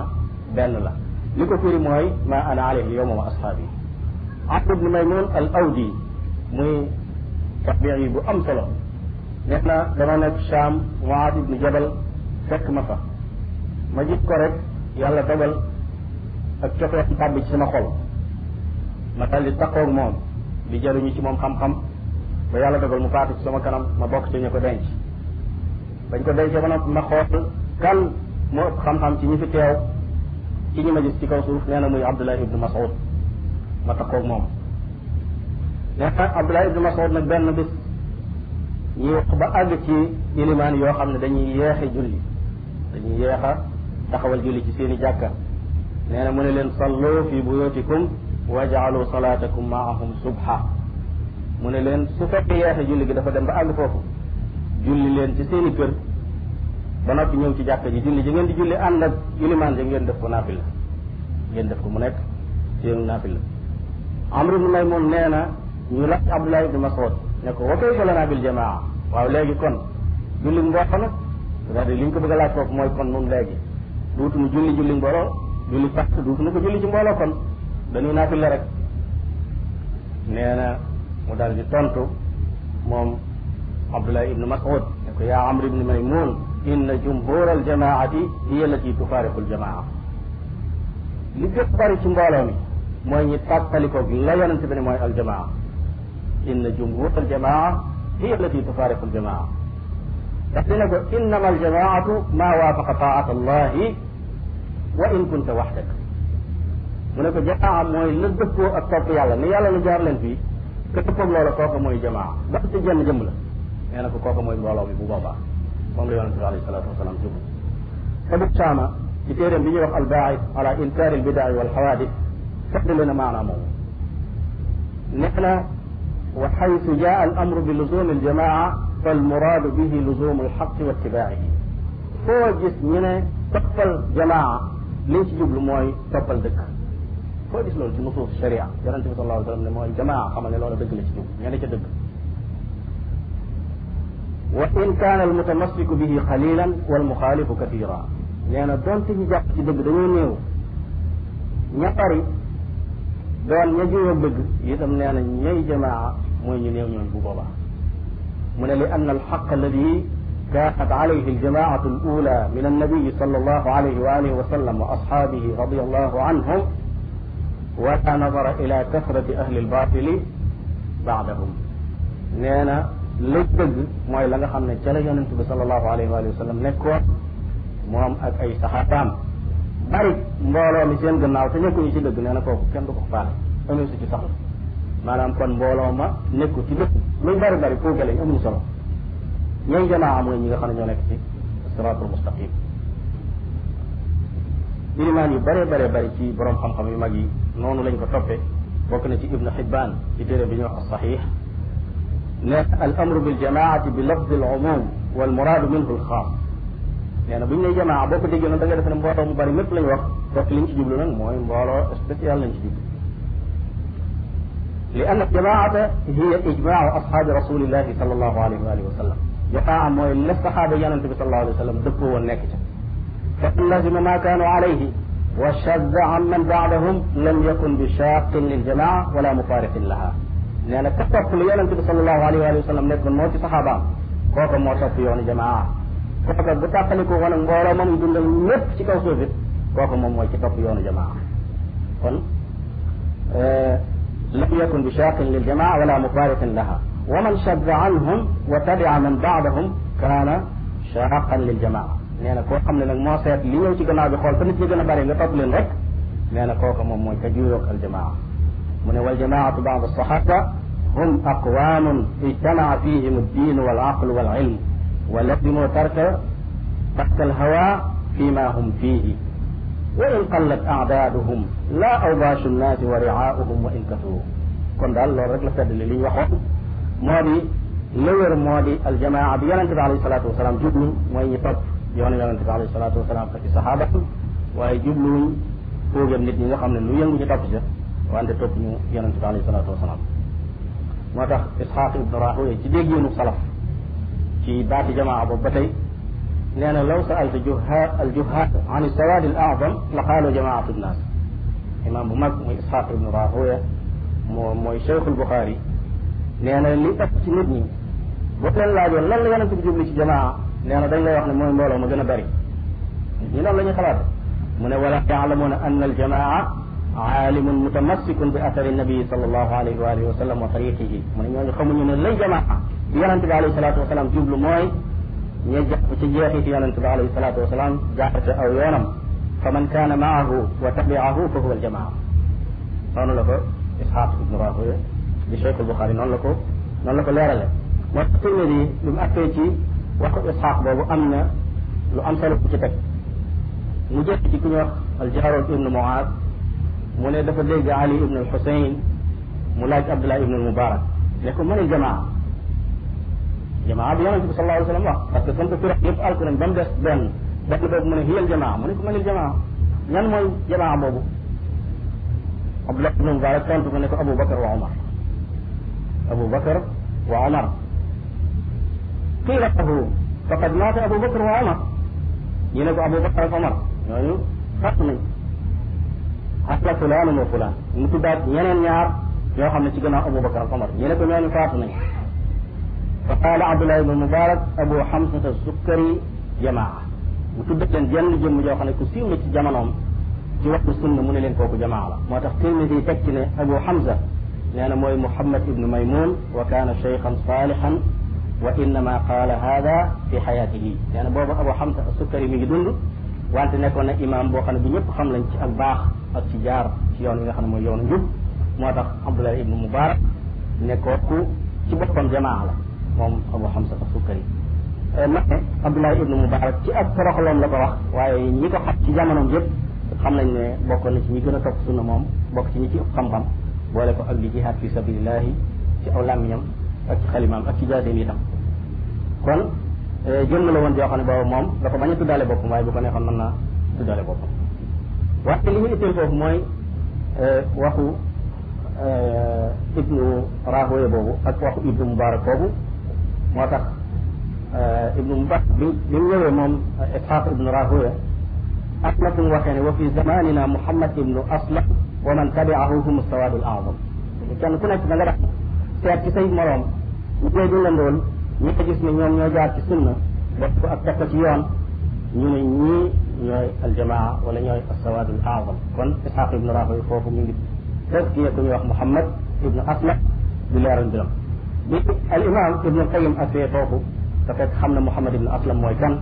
benn la li ko firi mooy ma ana alayhi yowma wa ashaabi Abd ibn Maymun al awdi muy tabi'i yi bu am solo nee na dama nekk Sham Muaad ibn Jabal fekk ma fa ma gis ko rek yàlla dogal ak cofee tàbb ci sama xol ma dal di taqoog moom di jëriñu ci moom xam-xam ba yàlla dogal mu faatu ci sama kanam ma bokk ci ñu ko denc bañ ko dencee ba noppi ma xool kan moo ëpp xam-xam ci ñi fi teew ci ñi ma gis ci kaw suuf nee na muy Abdullah ibnu Mas'ud ma takkoog moom nee na Abdullah ibnu Mas'ud nag benn bis ñu wax ba àgg ci ilimaan yoo xam ne dañuy yeexe julli dañuy yeex a taxawal julli ci seen i jàkka nee na mu ne leen sallu fi buyutikum wajaalu salaatakum maahum subha mu ne leen su fekkee yeexe julli gi dafa dem ba àgg foofu julli leen ci seeni kër ba noppi ñëw ci jàkka ji julli ji ngeen di julli ànd ak ilimaan ja ngeen def ko naafil la ngeen def ko mu nekk seenu naafil la amri ibnu maymun nee na ñu laaj abdullah ibnu mas'ud ne ko wa kayfa lanaa bil jamaa waaw léegi kon julli mbooloo nag ko bëgg laaj foofu mooy kon nun léegi duutuñu julli julli mbooloo julli fàtt duutuñu ko julli ci mbooloo kon dañuy naafil la rek nee mu daal di tontu moom abdullah ibnu mas'ud ne ko yaa amr ibni maymun inna jumhur aljamaati hiya allati tufaariqu aljamaa li gën bari ci mbooloo mi mooy ñi tàkkalikoog la yonente bi ne mooy aljamaa inna jumhur aljamaa hiya allati tufaariqu aljamaa ndax dina ko innama aljamaatu maa waafaqa taata allahi wa in kunta waxdak mu ne ko jamaa mooy la dëppoo ak topp yàlla ni yàlla la jaar leen fii ka dëppoog loola kooka mooy jamaa ba ci jenn jëmm la nee na ko kooka mooy mbooloo mi bu boobaa moom la yonente bi alayhi salatu wasalaam jublu Ibnu Saama ci téeréem bi ñuy wax albaaid ala inkaar albidaai walxawaadis seetlu na maanaam moomu nee na wa xaytu jaa al amru bi luzum aljamaa falmuraadu bihi luzum alxaqi wa ittibaa'ihi foo gis ñu ne toppal jamaa liñ ci jublu mooy toppal dëkk foo gis loolu ci nusuus sharia yonente bi sallallahu alayhi wa sallam ne mooy jamaa xamal ne loolu dëgg la ci jublu ñene ca dëgg wa in kaana al mutamassiku bihi qalilan wal muxaalifu katira nee na donte ñu jàpp ci dëgg dañoo néew ña bari doon ña jiw ak dëgg itam nee na ñay jamaa mooy ñu néew ñooñu bu boobaa mu ne li anna al xaq alladi kaanat alayhi aljamaatu alula min annabiyi sal allahu alayhi wa alihi wa sallam wa ashaabihi radi allahu anhum wala nadara ila kasrati ahli albatili baadahum nee na la dëgg mooy la xam ne ca la yonent bi sallallahu alayhi wa sallam nekkoon moom ak ay saxaabaam bari mbooloo mi seen gannaaw te nekkuñu ci dëgg nee na kooku kenn du ko faale amee su ci soxla maanaam kon mbooloo ma nekku ci dëgg luñ bari bari foo gëleñ amuñu solo ñooy jamaa mooy ñi nga xam ne ñoo nekk ci siraatul mustaqim irimaan yu bare bare bari ci borom xam-xam yu mag yi noonu lañ ko toppee bokk na ci ibnu xibbaan ci téere bi ñuy wax as saxiix ne al amru bil jamaati bi lafzi al umum wal muraadu minhu al xaas nee na bu ñu nee jamaa boo ko déggee noonu da ngay defe ne mbooloo mu bari mépp lañ wax fekk liñ ci jublu nag mooy mbooloo spécial lañ ci jublu li anna jamaata hiya ijmaau ashaabi rasulillahi sal allahu alayhi wa alihi wa sallam jamaa mooy la saxaaba yonente bi sallallahu alayhi wa sallam dëppoo woon nekk ca fa in lazima ma kaanu alayhi wa shadda an man baadahum lam yakun bi shaaqin lil jamaa wala mufaariqin laha nee na ku topp lu yonente bi sallallahu alayhi wa sallam nekkoon moo ci saxaabaam kooka moo topp yoonu jamaa kooka bu tàqaliku woon ak mbooloo moom dundal ñëpp ci kaw suuf it kooka moom mooy ci topp yoonu jamaa kon eh, lam yakun bi shaqin lil jamaa wala mufaariqin laha wa man shadda anhum wa tabia man baadahum kaana shaqan lil jamaa nee na koo xam ne nag moo seet li ñëw ci gannaaw bi xool te nit ñi gën a bari nga topp leen rek nee na kooka moom mooy ka juyoog al jamaa mu ne wal jamaatu baad as-saxaaba هم أقوام اجتمع فيهم الدين والعقل والعلم ولزموا ترك تحت الهوى فيما هم فيه وإن قلت أعدادهم لا أوباش الناس ورعاؤهم وإن كثروا kon daal loolu rek la seddali li ñu waxoon moo di la wér moo di aljamaa bi yonente bi alayhi salaatu wasalaam jublu mooy ñi topp yoonu yonente bi alayhi salaatu wasalaam ak ci saxaaba waaye jubluñ foogam nit ñi nga xam ne lu yëngu ñu topp si wante topp ñu yonente bi alayhi salaatu wasalaam moo tax Isxaaq ibnu Raahawayh ci dégg yoonu salaf ci baati jamaa boobu ba tey nee na law saalta juha al juhaat an sawaad al a'zam la qaalu jamaatu nnaas imaam bu mag muy Isxaaq ibnu Raahawayh moo mooy Cheikhul Buxaari nee na li ëpp ci nit ñi boo leen laajoon lan la yonent bi jubli ci jamaa nee na dañ lay wax ne mooy mbooloo ma gën a bari nit ñi noonu la ñuy xalaat mu ne wala yaalamuuna anna al jamaa aalimun mutamassikun bi athari nabi sallallahu alayhi wa alihi wa sallam wa tariqihi mu ne ñooñu xamuñu ne lay jamaa bi yonente bi alayhi salatu wasalaam jublu mooy ñu jàpp ci jeexiti yonente bi alayhi salatu wasalaam jaar ci aw yoonam fa man kaana maahu wa tabiahu fa huwa aljamaa noonu la ko isxaaq ibnu rahoya di cheikh albuxaari noonu la ko noonu la ko leerale moo tax Tirmidi bi mu àttee ci waxu isxaaq boobu am na lu am solo bu ci teg mu jëkk ci ku ñu wax aljarood ibnu moaz mu ne dafa dégg Ali ibn al Xusayn mu laaj Abdullah ibn al Mubarak ne ko mën a jamaa jamaa bi yonente bi sallallahu alayhi wa sallam wax parce que comme que tur yëpp alquran ba mu des benn benn boobu mu ne hiyal jamaa mu ne ko mën a jamaa ñan mooy jamaa boobu Abdullah ibn al Mubarak tontu ko ne ko Abu Bakar wa Omar Abu Bakar wa Omar qiila lahu faqad maata Abu Bakar wa Omar ñu ne ko Abu Bakar ak Omar ñooñu xat nañ hasta fulaanu wa fulaan mu tuddaat ñeneen ñaar ñoo xam ne ci gannaaw Abu Bakar ak Omar ñu ne ko ñooñu faatu nañ fa qaala Abdullah ibn Mubarak Abu Hamsata Sukkari jamaa mu tuddat leen jenn jëmm joo xam ne ku siiw la ci jamonoom ci waxtu sunna mu ne leen kooku jamaa la moo tax Tirmidi teg ci ne Abu Hamza nee na mooy Muhammad ibnu Maymun wa kaana shaykhan saalihan wa innama qaala hada fi xayaatihi nee na boobu Abu Hamza Sukkari mi ngi dund wante nekkoon na imaam boo xam ne bu ñëpp xam lañ ci ak baax ak ci jaar ci yoon yi xam ne mooy yoonu njub moo tax Abdullah ibnu Mubarak nekkoon ku ci boppam jamaa la moom Abu Hamza as-Sukkari ma eh, ne Abdullah ibnu Mubarak ci ak toroxloom la ko wax waaye ñi ci jamonoom yëpp xam nañ ne bokkoon na ci ñi gën a topp sunna moom bokk ci ci ëpp xam-xam boole ko ak li jihaad fi sabilillahi ci aw làmmiñam ak ci xalimaam ak ci jaadeem itam kon jëmm eh, la woon joo xam ne boobu moom dafa bañ a tuddaale boppam waaye bu ko neexoon mën naa tuddaale boppam waxte li ñu itteel foofu mooy eh, waxu eh, ibnu rahoye boobu ak waxu ibnu mubarak boobu moo tax ibnu mubarak bi bi mu ñëwee moom isxaq ibnu rahoye ak na fu mu waxee ne wa fi zamanina muhammad ibnu aslam wa man tabiahu hum sawadul azam kenn ku nekk da nga def seet ci say moroom ñooy dundandoo ñi ko gis ne ñoom ñoo jaar ci sunna def ko ak teg ko ci yoon ñu ne ñii ñooy aljamaa wala ñooy assawaadul aazam kon Isaaq ibnu Rahoy foofu mu ngi tazkiya ku ñuy wax Muhammad ibnu Aslam di leeral mbiram bi al imam ibnu Qayyim asee foofu te fekk xam na Muhammad ibnu Aslam mooy kan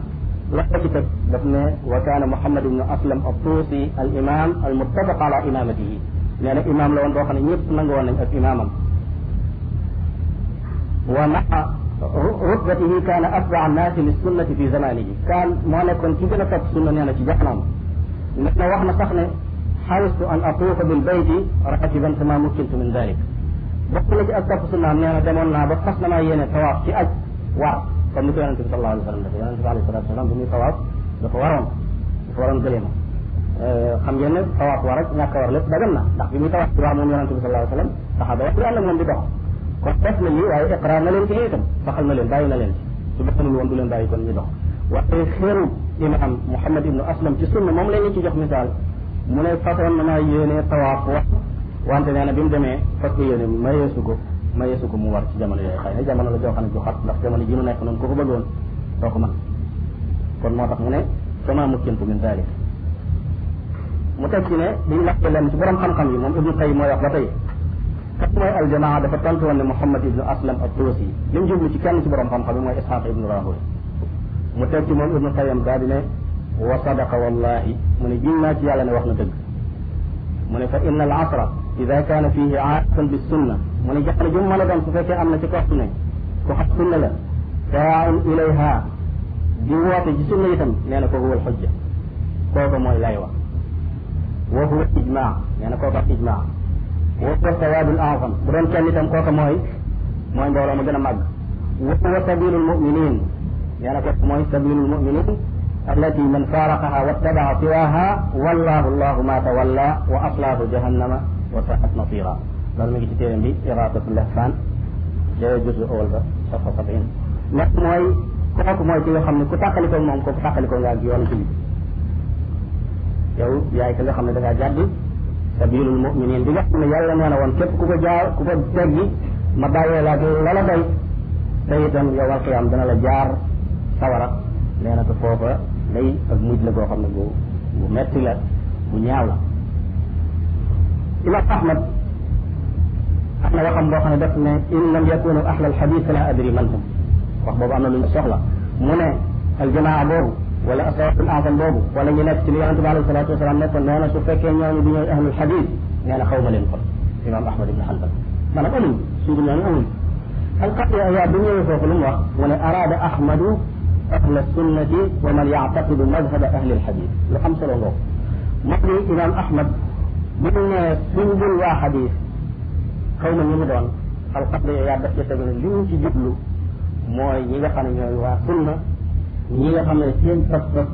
la ko ci teg daf ne wa kaana Muhammad ibnu Aslam at-Tuusi al imam al muttafaq ala imamatihi nee na imaam la woon boo xam ne ñëpp nangu woon nañ ak imaamam wa naa rutbatihi kaana atbaa naasi li sunnati fi zamanihi kaan moo nekkoon ki gën a topp sunna nee na ci jamonoom nee na wax na sax ne xaristu an atuufa bil bayti raakiban kama mukkintu min dalik bokk na ci ak topp sunnaam nee na demoon naa ba fas na maa yéene tawaaf ci aj war comme ni ko yonente bi sallallahu alayhi wa sallam dafa yonente bi alayhi salatu wasalam bu muy tawaaf dafa waroon dafa waroon gëleema xam ngeen ne tawaaf war ak ñàkk a war lépp dagan na ndax bi muy tawaaf ci war moom yonente bi sallallahu alayhi wa sallam saxaaba wax di ànd ak moom di dox kon def nañu waaye iqraar na leen ci itam saxal na leen bàyyi na leen ci su doxalul woon du leen bàyyi kon ñu dox waaye xeeru imaam Muhammad ibnu Aslam ci sunna moom lañu ci jox misaal mu ne façon na maa yéenee tawaaf wax wante nee na bi mu demee fas ko yéene mayeesu ko ko mu war ci jamono yooyu xëy na jamono la joo xam ne ju xat ndax jamono ji nu nekk noonu ko bëggoon doo ko mën kon moo tax mu ne sama mukkintu min dalik mu teg ci ne biñu laajte leen ci borom xam-xam yi moom Ibnu Qayyim kat mooy aljamaa dafa tontu woon ne Muhammad ibnu Aslam at-Tuusi li mu jublu ci kenn ci borom xam-xam yi mooy Isxaaq ibnu Raahooy mu teg ci moom ibnu Qayyim daal di ne wa sadaqa wallahi mu ne jiñ naa ci yàlla ne wax na dëgg mu ne fa inna al asra ida kaana fihi aarifan bi sunna mu ne jamono ju mu mën a doon su fekkee am na ci koo xam ne ku xam sunna la daaun ilayha di woote ci sunna itam nee na ko huwa al xujja kooku mooy lay wax wa huwa ijmaa nee na kooku ak ijmaa wa sawaabul a'zam bu doon kenn itam kooka mooy mooy mbooloo ma gën a màgg wa sabilul muminin nee na kooka mooy sabilul muminin allati man faaraqaha wattabaa siwaha wallahu llahu ma tawalla wa aslahu jahannama wa saat masira loolu mi ngi ci téeréem bi iraqatul ihsan jawee juzu awal ba safa sabin nekk mooy kooku mooy ki nga xam ne ku tàqalikoo moom kooku tàqalikoo nga ak yoonu jullit yow yaay ka nga xam ne dangaa jàdd sabilul muminin bi nga xam ne yàlla nee na woon képp ku ko jaar ku ko teggi ma bàyyee la la doy te itam yow alxiyaam dana la jaar sawara nee na ko foofa day ak mujj la goo xam ne bu bu metti la bu ñaaw la imam ahmad am na waxam boo xam ne def ne in lam yakunu ahlal xadis fala adri man hum wax boobu am na lu ñu soxla mu ne aljamaa boobu wala asratul azam boobu wala ñu nekk ci li yonente bi alayhi salatu wasalaam nekkoon nee na su fekkee ñooñu bi ñooy ahlul xadis nee na xaw ma leen kon imam ahmad ibn hanbal maanaam amuñ suñu ñooñu amuñ alqadi ayaa bi ñëwee foofu lu mu wax mu ne araada ahmadu ahla sunnati wa man yactaqidu madhaba ahli lxadis lu am solo ngoo moom bi imam ahmad bu ñu nee suñ dul waa xadis xaw ma ñu mu doon alqadi ayaa daf ca teg ne li ñu ci jublu mooy ñi nga xam ne ñooy waa sunna ñi nga xam ne seen pas-pas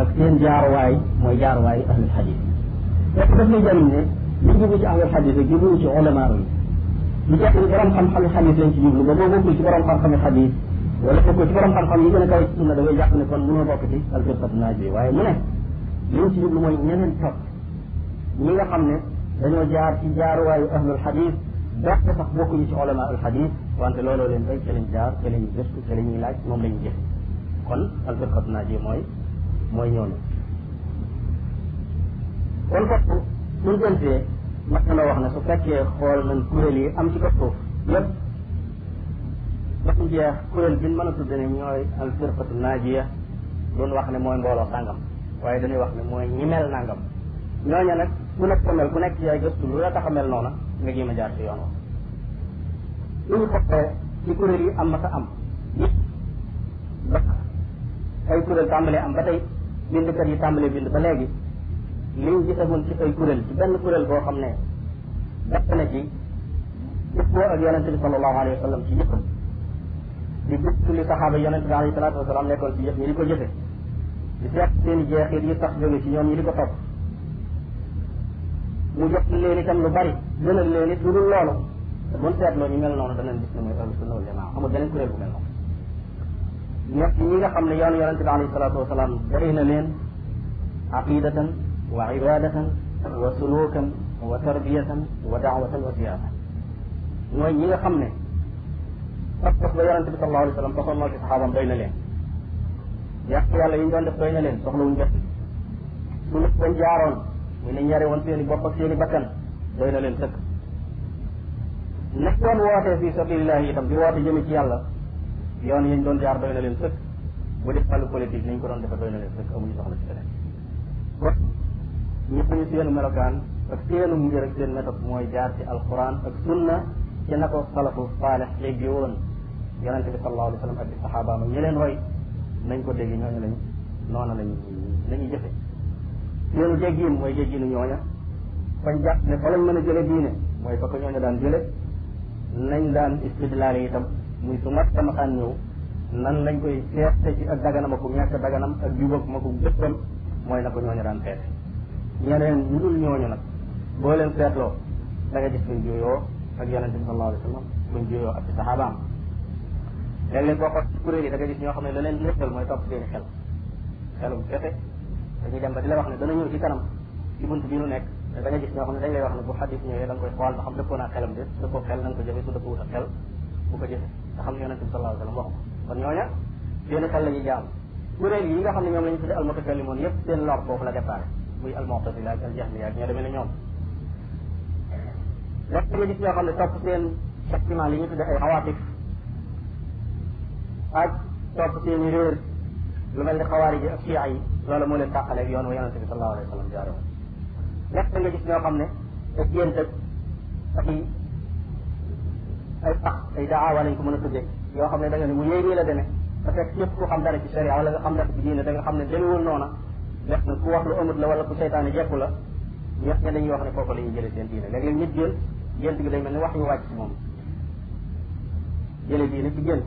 ak seen jaaruwaay mooy jaaruwaay ahlul xadis fekk daf lay jëriñ ne ñu jublu ci ahlul xadis rek jublu ci ulama yi lu jàpp ne borom xam-xami xadis lañ ci jublu ba boo bokkul ci borom xam-xami xadis wala bokkul ci borom xam-xam yi gën a kaw ci sunna da ngay jàpp ne kon mënoo bokk ci alfirqatu naaj bi waaye mu ne liñ ci jublu mooy ñeneen topp ñi nga xam ne dañoo jaar ci jaaruwaayu ahlul xadis dafa sax bokkuñu ci ulama al xadis wante looloo leen rek ca lañ jaar ca lañ gëstu ca la ñuy laaj moom la ñu jëfe kon alfirqat naajiya mooy mooy ñooñu kon foofu suñ jëntee mën na loo wax ne su fekkee xool nañ kuréel yi am ci ko suuf yëpp ba mu jeex kuréel bi ñu mën a tudde ne ñooy alfirqatu naajiya doon wax ne mooy mbooloo sàngam waaye dañuy wax ne mooy ñi mel nangam ñooña nag ku nekk ko mel ku nekk ci ay gëstu lu la tax a mel noona nga jéem a jaar ci yoon wa lu ñu xoolee ci kuréel yi am ma sa am ay kuréel tàmbalee am ba tey bindkat yi tàmbalee bind ba léegi liñ ci ay kuréel ci benn kuréel boo xam ne dakk na ci dëppoo ak yonente bi sallallahu alayhi wa sallam ci yëpp di gëstu li saxaaba yonente bi alayhi salaatu wasalaam nekkoon ci yëpp ñu di ko di seet seen tax jóge ci ñoom ñu di ko topp mu jox leen itam lu bari gënal leen it lu dul loolu te buñ seetloo ñu mel noonu danañ gis ne mooy ahlu sunna wal jamaa amul beneen kuréel bu mel noonu ñett ñi nga xam ne yoonu yonente bi alayhi salaatu wasalaam bëri na leen aqidatan wa ibadatan wa sulukan wa tarbiyatan wa daawatan wa siyaasa mooy ñi nga xam ne pas-pas ba yonente bi sallallahu alayhi wasallam pasoon moo ci saxaabam doy na leen yàq yàlla yi ñu doon def doy na leen soxlawuñ def su nit bañ jaaroon muy ne ñare woon seen i bopp ak seen i bakkan doy na leen sëkk nekkoon wootee fi sabilillahi itam di woote jëme ci yàlla yoon yañ doon jaar doy na leen sëkk bu dee wàllu politique nañ ko doon defe doy na leen sëkk amuñu soxla ci leneen kon ñëpp ñu seenu melokaan ak seenu ngir ak seen méthode mooy jaar ci alquran ak sunna ci na ko salafu saalix dégg woon yonente bi sallallahu alayhi wa sallam ak di saxaabaam roy nañ ko dégg ñooñu lañ noona lañ lañuy jëfe seenu déggiin mooy dégginu ñooña fañ jàpp ne fa lañ mën a jële diine mooy fa ko ñooña daan jële nañ daan istidlaale itam muy su mat sama xaan ñëw nan lañ koy seet ci ak daganam ak ñàkk daganam ak jubag ma ko dëppam mooy na ko ñooñu daan seet ñeneen ñu dul nag boo leen seetloo da nga gis buñ juyoo ak yonente bi sallallahu alayhi wa sallam buñ juyoo ak saxaabaam léeg-léeg boo xool ci yi da nga gis ñoo xam ne la leen léppal mooy topp seeni xel xelum kese dañuy dem ba di la wax ne dana ñëw ci kanam ci bunt bii nu nekk te da nga gis ñoo xam ne dañ lay wax ne bu xadis ñëwee da ko jëfe bu ko jëfe te xam ne yonente bi sallallahu alayhi wa sallam wax ko kon ñooña benn xel la ñuy jaam kuréel xam ne ñoom la ñu tudde almutakallimoon yëpp seen lor foofu la départ muy almu'tazila ak aljahmiya ak ñoo demee ne ñoo xam ne topp seen châtiment li ñu xawaatif ak topp seen réer lu mel ni xawaari ak chia yi loolu moo leen tàqale ak yoon wa yonente bi sallallahu alayhi wa sallam jaaroon nga gis ñoo xam ne ak yéen ay pax ay daawa lañ ko mën a tuddee yoo xam ne da nga ne mu yéey nii la demee te fekk ñëpp ku xam dara ci sharia wala nga xam dara ci diine da nga xam ne demewul noona nekk na ku wax lu amut la wala ku seytaane jekku la ñëpp ñe dañuy wax ne foofu la ñuy jëlee seen diine léeg-léeg nit génn gént gi day mel ni wax yu wàcc ci moom jële diine ci gént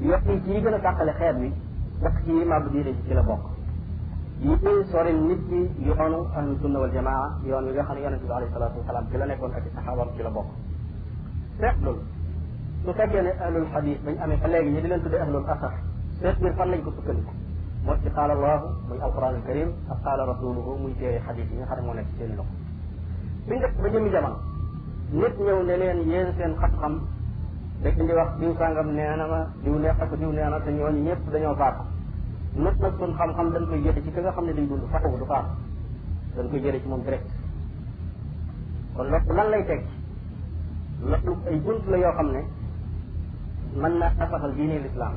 yokk yi ci yi gën a tàqale xeet bi bokk ci yi màbb diine ci ci la bokk yii sori nit ñi yoonu ahlu sunna wal jamaa yoon wi nga xam ne yonente bi alayhi salaatu wasalaam ci la nekkoon ak i saxaabam ci la bokk seetlul su fekkee ne ahlul xadis bañ amee ba léegi ñu di leen tuddee ahlul asar seet biir fan lañ ko sukkandiku moo ci qaala allahu muy alquran al karim ak qaala rasuluhu muy téere xadis yi nga ne moo nekk ci seen loxo biñ def ba jëmi jamono nit ñëw ne leen yéen seen xam-xam rek di wax diw sàngam nee na ma diw neex ak diw nee na te ñooñu ñëpp dañoo faatu nit nag suñ xam-xam dañ ko jëlee ci ki nga xam ne day dund faatu du faatu dañ ko jëlee ci moom direct kon loolu lan loolu ay bunt la yoo xam ne mën naa saxal diine lislaam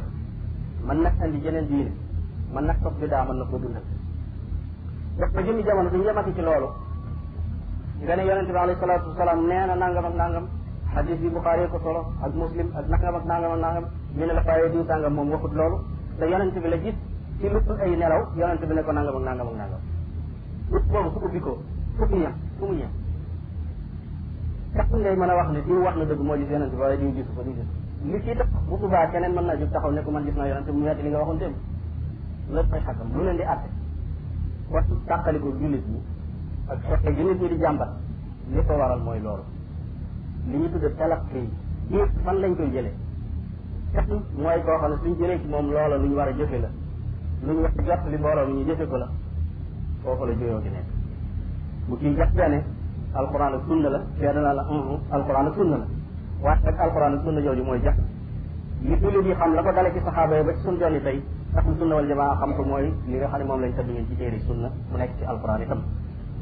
mën na andi jeneen diine mën na toog bidaa mën na ko dundal def ba jëmmi jamono duñ yemati ci loolu nga ne yonente bi alayhi salaatu wasalaam nee na nangam ak nangam xadis bi ko solo ak muslim ak nangam ak nangam ak nangam ñu ne la waaye diw sàngam moom waxut loolu te yonente bi la gis ci lu ay nelaw yonente bi ne ko nangam ak nangam ak nangam boobu ku ubbi ko fu mu yem fu mu yem kat ngay mën a wax ne diw wax na dëgg moo gis yonente waaye diw gisu ko diw gisu li ci tax bu subaa keneen mën naa jóg taxaw ne ko man gis naa yonente mu wetti li nga waxoon démb loolu koy xakkam lu leen di atte wax tàqaliko jullit ñi ak soxe gi nit ñi di jàmbat li ko waral mooy loolu li ñu tudde talaqi diir fan lañ koy jëlee kat mooy koo xam ne suñ jëlee ci moom loola lu ñu war a jëfe la lu ñu war a li mbooloo mi ñu jëfe ko la foofu la jóyoo di nekk kii alquran ak sunna la fee danaa la alquran ak sunna la waaye nag alquran ak sunna jooju mooy jax li jullit yi xam la ko dale ci saxaaba yi ba ci suñu jonni tey ahlu sunna wal xam ko mooy li nga xam ne moom lañ tëdd ñun ci téere sunna mu nekk ci alquran itam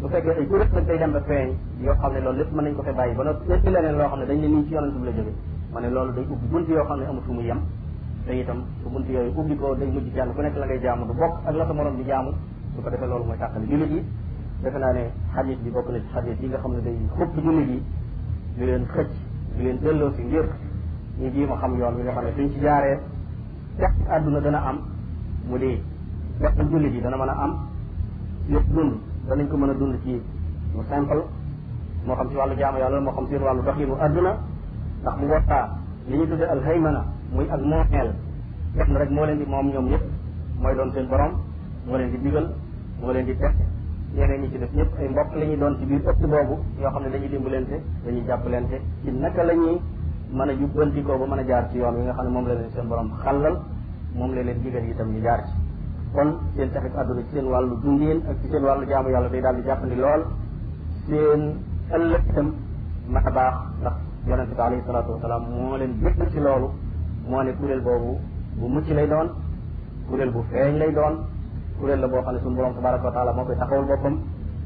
bu fekkee ay kuréel nag day dem ba feeñ yoo xam ne loolu lépp mën nañ ko fa bàyyi ba noppi indi loo xam ne dañ ne nii ci yonent bi ubbi bunt yoo xam ne amul fu muy yem te itam su bunt yooyu ubbi ko day mujj kenn ku nekk la ngay jaamu du bokk ak la loolu mooy tàqale jullit yi defe naa ne xadis bi bokk na ci xadis yi xam ne day xupp jullit yi di leen xëcc di leen delloo si ngir ñu jéem a xam yoon bi nga xam ne suñ ci jaaree tex àdduna dana am mu di tex jullit yi dana mën a am lépp dund danañ ko mën a dund ci mu simple moo xam ci wàllu jaamu yàlla moo xam ba wàllu doxinu àdduna ndax bu boobaa li ñu tudde al haymana muy ak moomeel kenn rek moo leen di moom ñoom ñëpp mooy doon seen borom moo leen di digal moo leen di yeneen ñi ci def ñëpp ay mbokk la ñuy doon ci biir ëtt boobu yoo xam ne dañuy dimbalante dañuy jàppalante ci naka la ñuy mën a jubbantikoo ba mën a jaar ci yoon wi nga xam ne moom la leen seen borom xàllal moom la leen digal itam ñu jaar ci kon seen taxit àdduna ci seen wàllu dundin ak ci seen wàllu jaamu yàlla day daal di jàppandi lool seen ëllëg itam mën a baax ndax yonente bi alayhi salaatu wasalaam moo leen bëgg ci loolu moo ne kuréel boobu bu mucc lay doon kuréel bu feeñ lay doon kuréel la boo xam ne suñu borom tabaraka wa taala moo koy taxawal boppam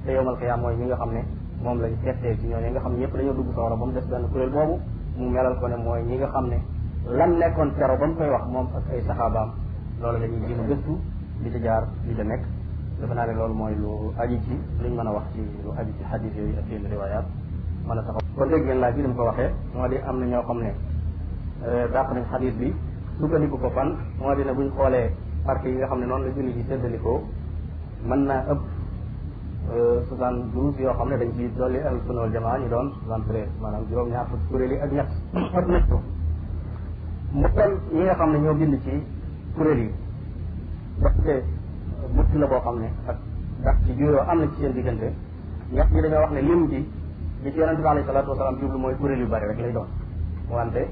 te yowmal xiyaam mooy ñi nga xam ne moom lañ seetee ci ñooñu nga xam ne ñëpp dañoo dugg sawara ba mu des benn kuréel boobu mu melal ko ne mooy ñi nga xam ne lan nekkoon cero ba mu koy wax moom ak ay saxaabaam loolu la ñuy jéem gëstu di ca jaar li ca nekk defe naa ne loolu mooy lu aji ci luñ mën a wax ci lu aji ci xadis yooyu ak seen riwaayaat mën a taxaw kon dégg ngeen laaj bi mu ko waxee moo am na ñoo xam ne euh, dàq nañ xadis bi sukkandiku ko fan moo di ne buñ xoolee barke yi nga xam ne noon la julli ji séddalikoo man naa ëpp euh, soixante douze yoo xam ne dañ ci dolli al sunna wal jamaa ñu doon soixante treize maanaam juróom-ñaar fukki kuréel yi ak ñett ñi nga xam ne ñoo bind ci kuréel yi ndaxte butti la boo xam ne ak ci juyoo am na ci seen diggante ñett ñi dañoo wax ne lim bi di ci yonente bi alayhi salaatu mooy kuréel yu bari rek lay doon wante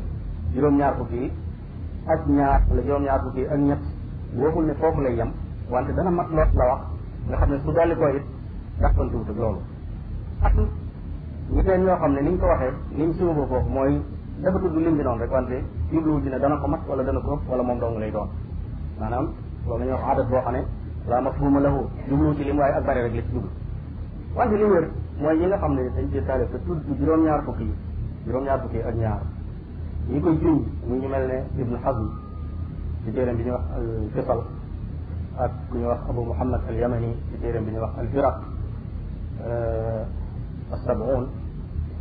juróom-ñaar fukki ak ñaar la juróom-ñaar fukki ak ñett waxul ne foofu lay yem wante dana mat lool la wax nga xam ne bu dolli ko it dàqantuwut ak loolu ak ñu teen ñoo xam ne ni ñu ko waxee ni ñu suma ko foofu mooy dafa tudd lim bi noonu rek wante jubluwu ji ne dana ko mat wala dana ko wala moom dong lay doon maanaam loolu la ñuy wax adat boo xam ne la mafhuma lahu jubluwu ci lim waaye ak bari rek la ci jublu wante li wér mooy yi nga ne dañ ci taalif te tudd juróom-ñaar fukki yi juróom-ñaar fukki ak ñaar ñi koy junj mu ñu mel ne Ibn Hazm ci téeréem bi ñuy wax euh, al fisal ku ñuy wax abu muhammad al yamani bi ñuy wax al firaq euh, as-sab'un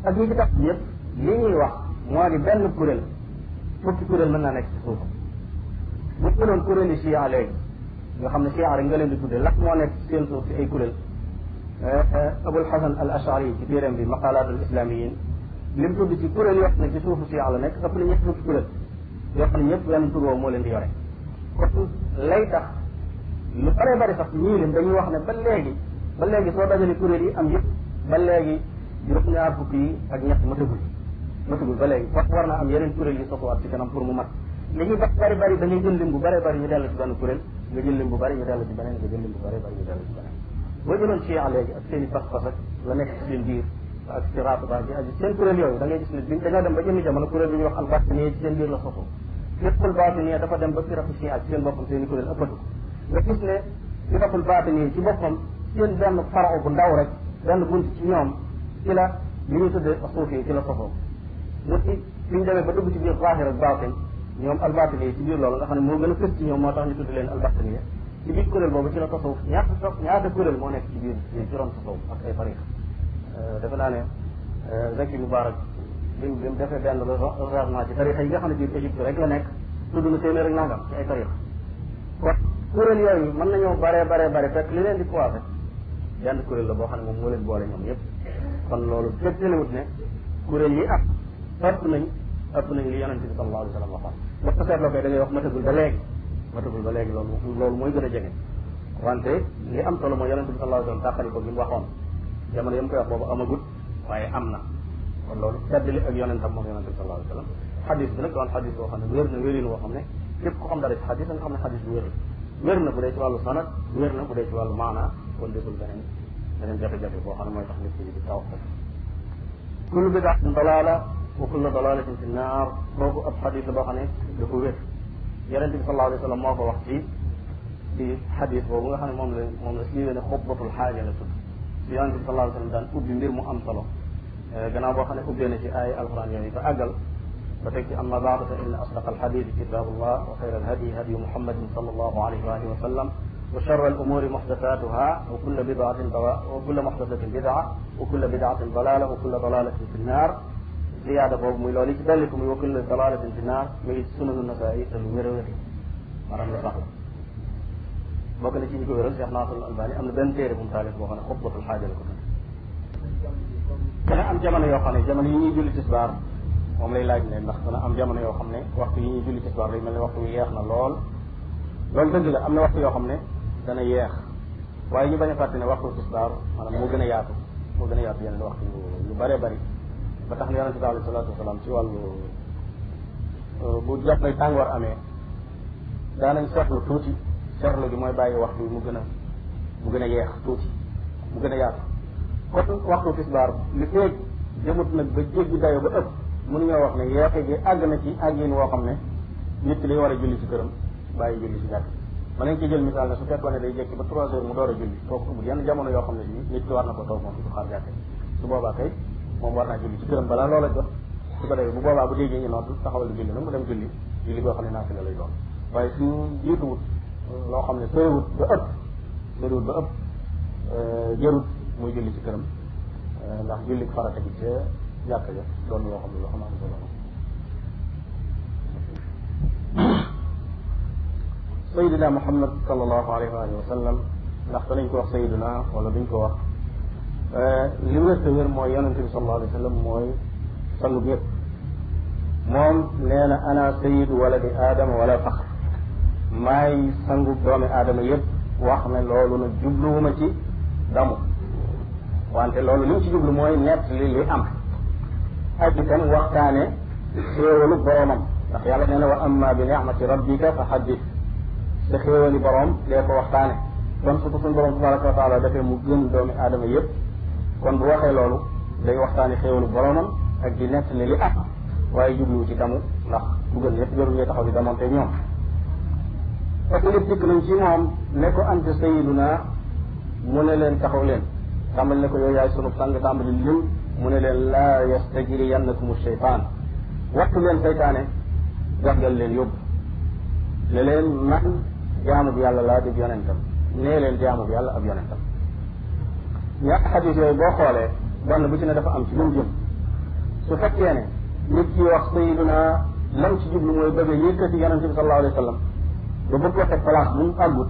ak ñi ci tax yëpp li ñuy wax moo di benn kuréel fukki kuréel mën naa nekk ci suuf bu ñu doon kuréel yi chia léegi nga xam ne chia rek nga leen di tudde lan moo nekk seen suuf ci ay kuréel euh, abul hasan al ashari ci téeréem bi maqalaat al islamiyin lim tudd ci kuréel yoo xam ne nekk yoo xam ne ñëpp lan turoo moo leen di yore kon lay tax lu bare bari sax ñii leen dañuy wax ne ba léegi ba léegi soo dajale kuréel yi am yëpp ba léegi juróom-ñaar fukk yi ak ñett matagul matagul ba léegi kon ngay jël lim bu bari bari ñu dellu ci benn kuréel nga jël lim bu bari ñu dellu ci beneen nga jël lim bu bari bari ñu dellu ci beneen boo jëloon ci yàlla léegi ak seen i pas-pas ak la nekk ci seen biir ak ci raatu ba ji aju seen ci seen biir fiqul baatiniya dafa dem ba firaqu si ak seen boppam seen i kuréel ëppatu nga gis ne firaqul baatiniya ci boppam seen benn faro bu ndaw rek benn bunt ci ñoom ci la li ñu tuddee suufi yi ci la sosoo mu ci fi ñu ba dugg ci biir zaahir ak baatin ñoom albaatiniya ci biir loolu nga xam ne moo gën a fës ci ñoom moo tax ñu tudd leen albaatiniya ci biir kuréel boobu ci la tasawuf ñaata ñaata kuréel moo nekk ci biir ci juróom tasawuf ak ay tariqa euh, defe naa ne euh, Zaki Mubarak lim lim defee benn ba rarement ci tarixa yi nga xam ne biir Égypte rek la nekk tudd na téeméer rek nangam ci ay tarixa kon kuréel yooyu mën nañoo baree baree bare fekk li leen di croisé benn kuréel la boo xam ne moom moo leen boole ñoom yëpp kon loolu fépp telewut ne kuréel yi am ëpp nañ ëpp nañ li yonente bi sallallahu alayhi wa sallam waxoon boo ko seetloo koy da ngay wax matagul ba léegi matagul ba léegi loolu loolu mooy gën a jege wante li am solo mooy yonente bi sallallahu alayhi wa sallam tàqali ko gi mu waxoon jamono yam koy boobu amagut waaye am na kon loolu feddali ak yonentam moom yonente bi sallallahu alayhi wa sallam xadis bi nag doon xadis boo xam ne wér na wérin woo xam ne képp ko xam dara ci xadis da nga xam ne xadis bu wér la wér na bu dee ci wàllu sanad wér na bu dee ci wàllu maana kon deful beneen beneen jafe-jafe boo xam ne mooy tax nit ki di taw kullu bidaatin dalaala wa kullu dalaalatin fi naar boobu ab xadis la boo xam ne dafa wér yonente bi sallallahu alayhi wa sallam moo ko wax ci ci xadis boobu nga xam ne moom la moom la siiwee ne xubbatul xaaja la tudd si yonente bi sallallahu alayhi wa sallam daan ubbi mbir mu am solo gannaaw boo xam ne ubbee na ci ay alquran yooyu ba àggal ba teg ci amma baadu fa inna asdaq alxadis kitabullah wa xayra alhadi hadiyu muhammadin sallallahu alayhi wa alihi wa sallam wa charra alumuri muxdasatuha wa kulla bidaatin wa kulla muxdasatin bidaa wa kulla bidaatin dalaala wa kulla dalaalatin fi nnaar ziyaada boobu muy loolu yi ci dolli ko muy wa kulla dalaalatin fi nnaar muy sunanu nasaai te lu wér a wér maanaam lu sax la bokk na ci ñu ko wéral Cheikh Nasrul Albani am na benn téere bu mu taalif boo xam ne xutbatul xaaja la ko tudd dana am jamono yoo xam ne jamono yi ñuy julli tisbaar moom lay laaj ne ndax dana am jamono yoo xam ne waxtu yi ñuy julli tisbaar day mel ne waxtu wi yeex na lool loolu dëgg la am na waxtu yoo xam ne dana yeex waaye ñu bañ a fàtte ne waxtu tisbaar maanaam moo gën a yaatu moo gën a yaatu yeneen waxtu yu bëree bëri ba tax na yonente bi alayhi salaatu wasalaam ci wàllu euh, bu jot nay tàngoor amee daanañ seetlu tuuti seetlu gi mooy bàyyi waxtu mu gën a mu gën a yeex tuuti mu kon waxtu tisbaar li feeg jëmut nag ba jéggi dayo ba ëpp mën ñoo wax ne yeexe gi àgg na ci àggin woo xam ne nit ki lay war a julli ci këram bàyyi julli ci jàkk mën nañ ci jël misaal ne su fekkoon ne day jekki ba trois mu door a julli kooku amul yenn jamono yoo xam ne nii nit ki war na ko toog moom di ko xaar jàkk su boobaa kay moom war naa julli ci këram balaa loola jox su ko defee bu boobaa bu déggee ñu noddu taxawal julli nag mu dem julli loo xam ne soriwut muy julli ci këram euh, ndax julli farata gi ca jàkka ja doon yoo xam ne yoo xam am solo [COUGHS] sayidina muhammad sallallahu alayhi wa sallam ndax danañ ko wax sayidina wala duñ ko wax euh, li mooy yonente bi sallallahu alayhi wa mooy sangu yëpp moom nee na ana sayid waladi aadama wala faxr maay sangu doomi aadama yëpp wax ne loolu na jubluwuma ci damu wante loolu li ñu ci jublu mooy nett li li am ak itam waxtaane xéewalu boroomam ndax yàlla nee na wa amma bi ni'mati rabbika fa xaddis sa xéewali boroom lee ko waxtaane kon su ko suñ boroom tabaraka wa taala defee mu gën doomi aadama yëpp kon bu waxee loolu day waxtaane xéewalu boroomam ak di nett li li am waaye jubluwu ci tamu ndax dugal yëpp jarul ngay taxaw di damante ñoom parce que lépp dikk nañ ci moom ne ko ante sayiduna mu ne leen taxaw leen xamal ne ko yow yaay sunu sang tàmbali lim mu ne leen laa yastajriyannakumu shaytaan wattu leen saytaane gàggal leen yóbbu ne leen man jaamu bi yàlla laa di yonentam nee leen jaamu bi yàlla ab yonentam ñaar xadis yooyu bu ci ne dafa am ci lu mu jëm su fekkee ne nit ki wax sayiduna lam ci jublu mooy bëgg a yëkkati yonente bi sallallahu alayhi wa sallam ba bëgg ko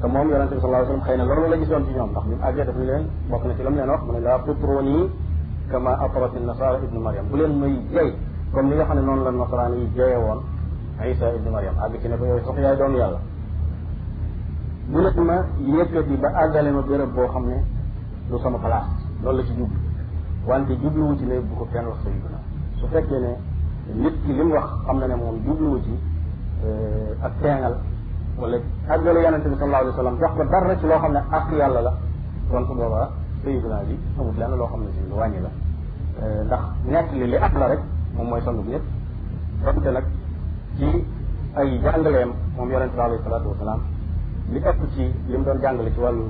te moom yonente bi sallallahu alayhi wa sallam xëy na loolu la gisoon ci ñoom ndax bi mu àggee daf ñu leen bokk na ci la mu leen wax mu kama atrati nasara ibnu mariam bu leen muy jay comme ni xam ne noonu la nasaraan yi jayee woon isa ibnu mariam àgg ci ne ko yooyu sax yaay doon yàlla bu leen ma yëkkati ba àggale ma béréb boo xam ne du sama place loolu la ci jublu wante jubluwu ci ne bu ko kenn wax sayyiduna su fekkee ne nit ki li wax xam na ne moom jubluwu ci euh, ak teengal wala àggale yonente bi sallallahu alayhi wa sallam jox ko dara ci loo xam ne ak yàlla la kon su boobaa sayiduna bi amul lenn loo xam ne si lu wàññi la euh, ndax nekk li li at la rek moom mooy sonn bi yëpp donte nag ci ay jàngaleem moom yonente bi alayhi salaatu wasalaam li ëpp ci li mu doon jàngale ci wàllu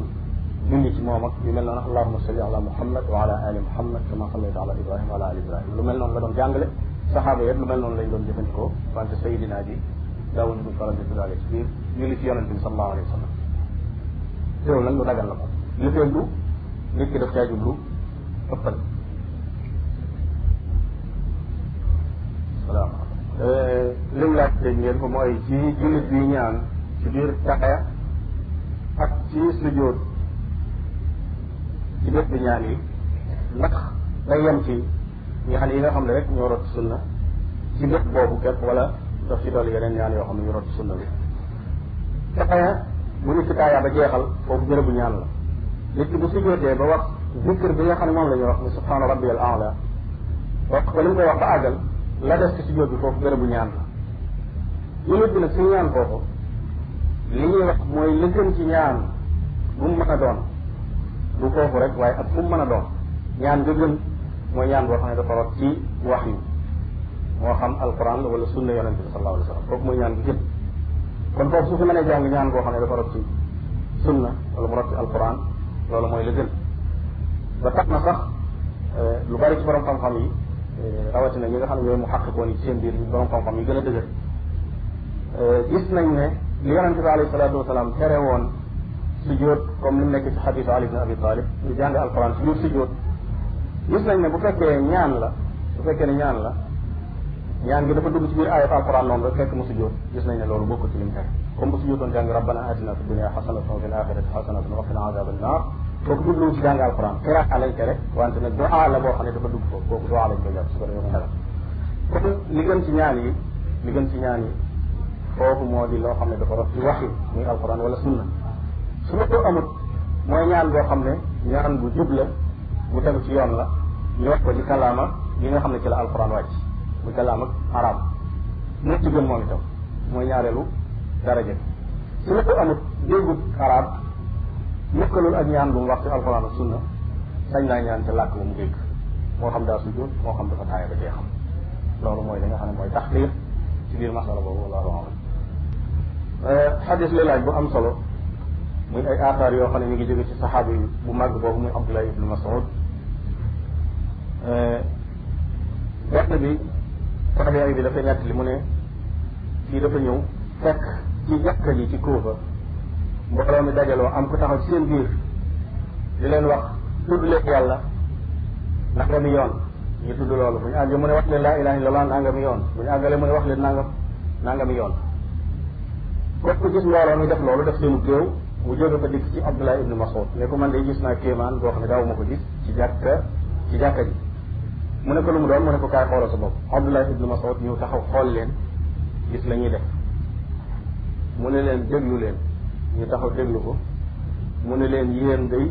julli ci moom ak yu mel noonu allahuma salli ala muhammad wa ala ali muhammad kama sallayta ala ibrahima wa ala ali ibrahima lu mel noonu la doon jàngale saxaaba yëpp lu mel noonu lañ doon jëfandikoo wante sayidina bi daawuñu faral di dugaale ci biir julli ci yonente bi sallallahu alayhi wa sallam teewul nag lu dagal la ko li feeg du nit ki daf ëppal salaam eh, li mu laaj dégg ngeen ko mooy ci jullit bi ñaan ci biir ak ci sujjóot ci bët ñaan yi ndax day yem fi ñaan yi nga xam ne rek ñoo rot sunna ci bët boobu képp wala daf ci dolli yeneen ñaan yoo xam ne ñu sunna bi ca xaya mu ni fitaaya ba jeexal foofu bërëbu ñaan la nit ki bu sujjóotee ba wax zikr bi nga xam ne moom la ñuy wax ni subhaana rabbi al ala wax ko li mu koy wax ba àggal la des ci sujjóot bi foofu bërëbu ñaan la ñu nit bi nag suñu ñaan foofu li ñuy wax mooy li gën ci ñaan bu mu doon du foofu rek waaye ak bu mu mën a doon ñaan nga mooy ñaan boo xam ne dafa rot ci wax yi moo xam alquran la wala sunna yonente bi sallallahu alayhi wa sallam foofu mooy ñaan bi kon foofu su fi mënee jàng ñaan boo xam ne dafa rot ci sunna wala mu rot ci alquran loolu mooy la gën ba eh, lu bari ci borom xam-xam yi eh, rawatina ñi nga xam ne ñooy mu xàqikoon yi ci seen biir borom xam-xam yi gën a dëgër eh, gis nañ ne li yonente bi alayhi salaatu wasalaam tere woon sujjóot comme ni mu nekk ci Ali ibn Abi Talib ñu jàng alquran ci biir nañ ne bu fekkee ñaan la bu fekkee ne ñaan la ñaan gi dafa dugg ci biir ayat alquran noonu rek fekk mu sujjóot gis nañ loolu bokk ci lim tere comme bu sujjóotoon jàng rabbana atina fi dunya xasanatan wa fil axirati xasanatan wa qina azaban naar kooku jubluwu ci la boo xam ne dafa dugg foofu kooku doa lañ koy jàpp su ko li gën ci ñaan yi li foofu moo di loo xam ne dafa rot ci waxi muy alquran wala sunna su ma ko amut mooy ñaan boo xam ne ñaan bu jub la bu tegu ci yoon la ñu wax ko ci kalaama yi nga xam ne ci la alquran wàcc mu kalaam ak arab moo ci moom itam mooy ñaareelu daraja su la ko amut déggut arab mukkalul ak ñaan bu mu wax ci alxuraan ak sunna sañ naa ñaan ca làkk bu mu dégg moo xam daa sujjóot moo xam dafa taaya ba jeexam loolu mooy li nga xam ne mooy taxqiq ci biir masala boobu wallahu alam euh, xadis li bu am solo muy ay aataar yoo xam ne ñu ngi jóge ci saxaaba bu màgg boobu muy Abdullah ibn Mas'ud euh, benn bi ko xam yaayu bi dafay nett li mu ne kii dafa ñëw fekk ci jàkka ji ci Kuufa mbooloo mi dajaloo am ko taxaw ci seen biir di leen wax tudd leen yàlla nanga mi yoon ñu tudd loolu bu ñu àggee mu ne wax leen laa ilaha illallah nanga mi yoon bu ñu àggalee mu ne wax leen nanga nanga mi yoon kooku gis mbooloo mi def loolu def seenu géew mu jóge ko dikk ci Abdullah ibnu Mas'ud ne ko man de gis naa kéemaan boo xam ne daaw ma ko gis ci jàkka ci jàkka ji mu ne ko lu mu doon mu ne ko kaay xoolal sa bopp Abdullah taxaw xool leen gis la ñuy def mu ne leen déglu leen ñu taxaw déglu ko mu ne leen yéen day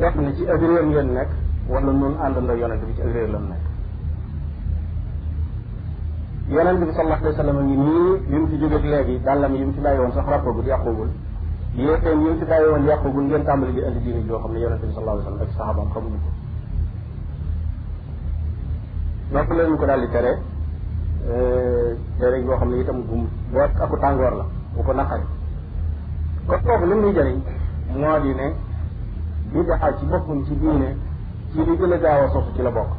def na ci ak réer ngeen nekk wala noonu àndandoo yonent bi ci ak réer lam nekk yonent bi sallallahu alayhi wa sallam ngi nii yi mu fi jógeeg léegi dàllam yi mu fi bàyyi woon sax rappagul yàqugul yéefeen yi mu fi bàyyi woon di indi diine ne yonent bi sallallahu alayhi wa sallam ak ko nopp lañu ko daal di tere euh, tere boo xam ne itam gum boo aku tàngoor la bu ko naqari kon foofu li muy jëriñ moo di ne bidaa ci boppam ci diine ci li gën a gaaw a sosu ci la bokk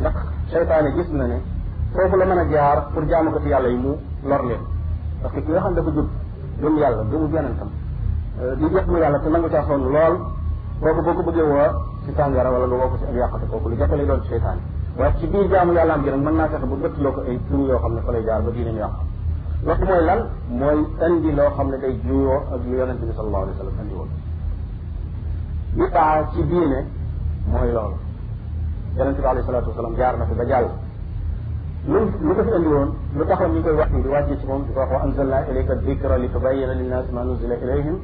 ndax seytaane gis na ne foofu la mën a jaar pour jaamu ko yàlla yi mu lor leen parce que ki nga xam dafa jub gëm yàlla gëmu yonentam euh, di jot mu yàlla te nangu caa sonn lool kooku boo ko bëggee woo ci tàngara wala nga woo ko ci ak yàqate kooku lu jafe lay doon waaye ci biir jaamu yàlla am gi nag mën naa fexe ba bëttloo ko ay tur yoo xam ne fa lay jaar ba diine ñu wax mooy lan mooy indi loo xam ne day juyoo ak li yonente bi sallallahu alayhi wa sallam indi woon bidaa ci diine mooy loolu yonente bi alayhi salatu wasalam jaar na fi ba lu ko fi indi woon lu taxoon ñu koy wax di wàccee ci moom di ko wax wa anzalna ilayka dikra li tubayyina linnaasi ma nuzila ilayhim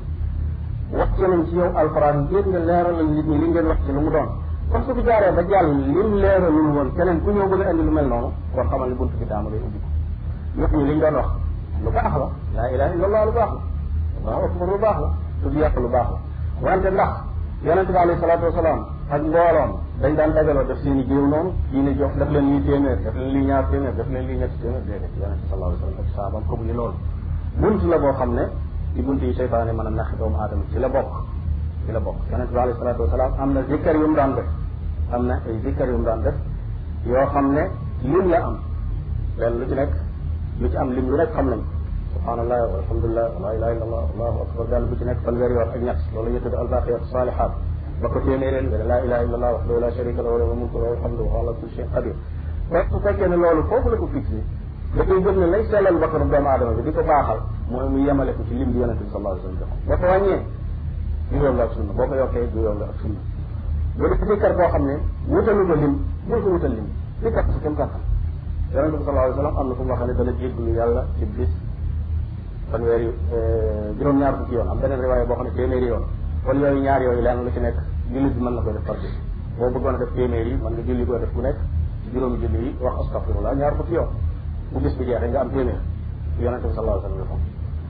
wàcce nañ ci yow alquran ngir nga leeralal nit ñi li ngeen wax ci lu mu doon kon su fi jaaree ba jàll lim leera lu woon keneen ku ñëw bëgg a indi lu mel noonu kon xamal ne bunt bi daama ngay ubbi ko ñëpp ñi doon wax lu baax la laa ilaha illallah lu baax la allahu akbar lu baax la tudd yàq lu baax la wante ndax yonente bi alayhi salaatu wasalaam ak mbooloom dañ daan dajaloo def seen i jiw noonu kii ne jox daf leen lii téeméer daf leen lii ñaar téeméer daf leen lii ñetti téeméer déedéet yonente sallallahu alayhi wasallam ak saabam ko bu ñu loolu bunt la boo xam ne di bunt yi seytaane mën a naxi doomu aadama ci la bokk ci la bokk yonente bi alayhi salaatu wasalaam am na zikkar yu mu daan def am na ay zikkar yu mu daan def yoo xam ne lim la am lenn lu ci nekk lu ci am lim lu nekk xam nañ subhaanallah walhamdulilah wa la ilaha illallah allahu akbar daal bu ci nekk fanweer yoon ak ñett loolu ñu tudd albaqiyat salihat ba ko téeméeréen nga ne laa ilaha illallah waxdahu la sharika lahu lahu mulku wa alhamdu wa ala kulli shay'in qadir waaye su fekkee ne loolu foofu la ko fixé da koy gëm ne lay sellal bakkanu doomu aadama bi di ko baaxal mooy mu yemale ko ci lim bi yonente bi sallallahu alayhi wa sallam boo ko wàññee juróom la ak sunna boo ko yokkee juróom la ak sunna boo def sikkar boo xam ne wutalu ko lim bul ko wutal lim sikkar si kenn kàttan yonente am na fu mu waxee ne dana jéggalu yàlla ci bis fanweer boo xam ne téeméeri yoon kon yooyu ñaar yooyu lenn la ci nekk jullit bi mën na koy def par bis boo bëggoon a def téeméer yi wax nga julli koo def ku nekk juróomi julli yi wax astaghfirullah ñaar bu jeexee nga am téeméer yonente bi sallallahu alayhi wa sallam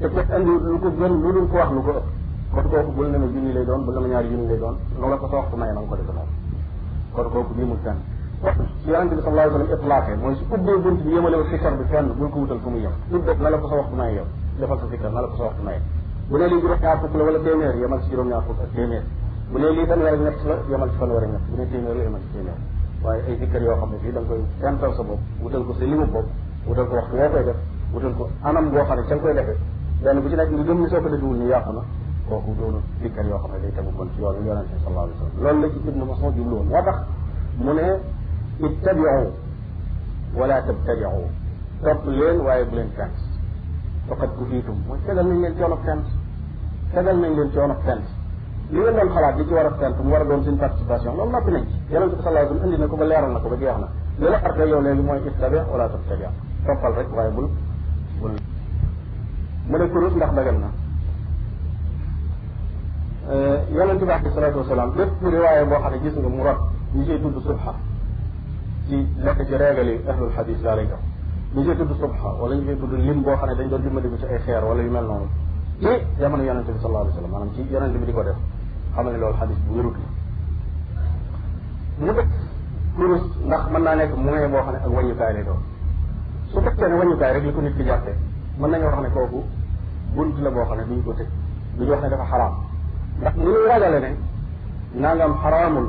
te fekk andi lu ko gën lu dul ko wax lu ko ëpp kon kooku bul ne ma junni lay doon bul ne ma ñaari junni lay doon lu la ko soox ku maye na nga ko def noonu kon kooku bii mu fenn yonente bi sallallahu alayhi wa sallam itlaaxee mooy su ubbee bunt bi yemale wu sikkar bi fenn bul ko wutal fu mu yem lu def na la ko sa waxtu maye yow defal sa sikkar na la ko sa waxtu maye bu ne lii juróom-ñaar fukk la wala téeméer yemal si juróom-ñaar fukk ak téeméer bu ne lii fanweer ak ñett la yemal si fanweer ak ñett bu ne téeméer la yemal si téeméer waaye ay sikkar yoo xam ne fii da nga koy sental sa bopp wutal ko sa limu bopp wutal ko waxtu woo koy def wutal ko anam boo xam ne ca nga koy defee benn bu ci nekk nga gëm ni soo ko defuwul ni yàq na kooku doonu dikkal yoo xam ne day tegu kon ci yoonu yonente bi sallallahu alayhi wa sallam loolu la ci ibnu Mas'ud jublu woon moo tax mu ne ittabiu wala tabtabiu topp leen waaye bu leen fent faqad kufiitum mooy tegal nañ leen coono fent tegal nañ leen coono fent li ngeen doon xalaat li ci war a fent mu war a doon suñ participation loolu noppi nañ ci yonente bi sallallahu alayhi wa sallam indi na ko ba leeral na ko ba jeex na li la arte yow léegi mooy ittabi wala tabtabi toppal rek waaye bul bul mu ne kurus ndax dagal na eh, yonente bi alayhi salaatu wasalaam bépp riwaaya boo xam ne gis nga mu rot ñi subha ci lekk ci régal yi ahlul xadis daa lay jox ñi subha wala ñi ciy tudd lim boo xam ne dañ doon dimbali ko ci ay xeer wala yu mel noonu ci jamono yon bi sallallahu alayhi wasallam ci yonente bi di ko def xam ne loolu xadis bu wérut la ñu kurus ndax mën naa nekk moyen boo xam ne ak wàññukaay lay doon su ne wàññukaay rek li ko nit ki jàppee mën nañoo wax ne kooku bunt la boo xam ne duñ ko tëj duñu wax ne dafa xaraam ndax ni ñuy ragale ne nangam xaraamul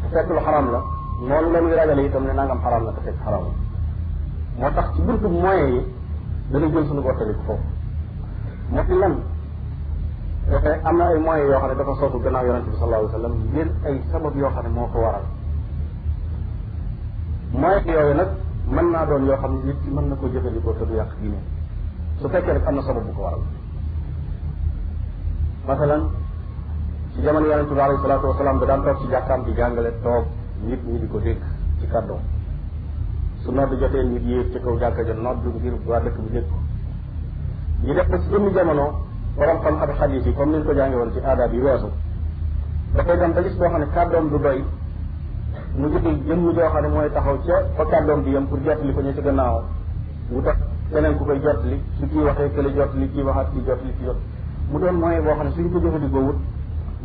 te fekk lu xaraam la noonu la ñuy yi itam ne nangam xaraam la te fekk xaraamul moo tax ci buntu moyen yi dana jël suñu gortaliku ko moo ci lan am na ay moyens yoo xam ne dafa soobu gannaaw yonente bi sallallahu alayhi wa sallam ngir ay sabab yoo xam ne moo ko waral moyens yooyu nag mën naa doon yoo xam ne nit ki mën na ko jëfandikoo te du yàq su fekkee rek am na sabab bu ko waral masalan ci jamono yonente bi alayhi salaatu wasalaam da daan toog ci jàkkaam di jàngale toog nit ñi di ko dégg ci kàddoom su nodd jotee nit yéeg ci kaw jàkka ja nodd bi dégg ko ba ci jëmmi jamono borom xam ak xadiis yi comme ni ñu ko jànge woon ci aadaab yi weesu dafay dem ba gis xam ne kàddoom du doy mu jëkk jëm ñu joo xam ne mooy taxaw ci fa kàddoom bi yem pour jottali ko ñu ci gannaaw mu tax keneen ku koy jot li su kii waxee kële jot li kii waxaat kii jot li kii jot mu doon moyen boo xam ne su suñ ko jëfandikoo wut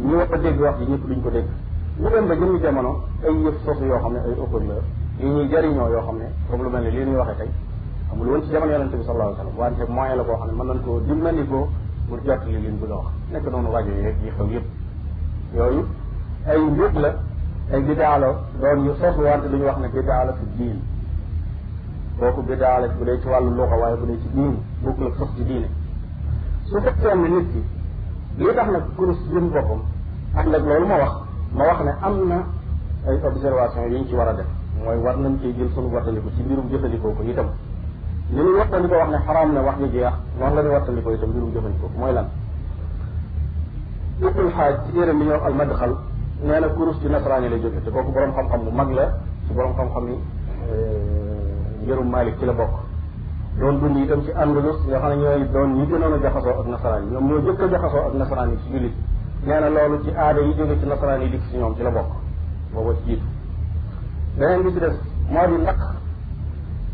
ñi war a dégg wax ji ñëpp duñ ko dégg ñu dem ba jëmmi jamono ay yoo xam ne ay haut-parleur yi jariñoo yoo xam ne comme lu mel ne lii ñuy waxee tey amul woon ci jamono yonente bi sallallahu alayhi wasallam wante moyen la boo xam ne man nañ koo dimbalikoo pour jot li liñ bëgg a wax nekk noonu rajo yi rek yi xew yëpp yooyu ay mbir la ay bidaalo doon yu sosu wante duñu wax ne bidaala fi diin kooku biddaa la bu dee ci wàllu luxa waaye bu dee ci diine bokkul ak sax ci diine su fekkee ne nit ki li tax nag kurus jëm boppam ànd ak loolu ma wax ma wax ne am na ay observation yi ñu ci war a def mooy war nañ cee jël sunu wattandiko ci mbirum jëfandikoo ko itam li ñuy wattandiko wax ne xaraam na wax ni jeex noonu la ñuy wattandiko itam mbirum jëfandikoo ko mooy lan ibnul xaaj ci téeram bi ñuy wax almadxal nee na kurus ci nasaraani lay jóge te kooku boroom xam-xam bu mag la ci boroom xam-xam ngirum Malik ci la bokk doon dund itam ci Andalus nga xam ne ñooy doon ñi gënoon a jaxasoo ak nasaraan yi ñoom ñoo jëkk a jaxasoo ak nasaraan yi ci jullit nee na loolu ci aada yi jóge ci nasaraan yi dikk ci ñoom ci la bokk booba ci jiitu beneen bi ci des moo di ndax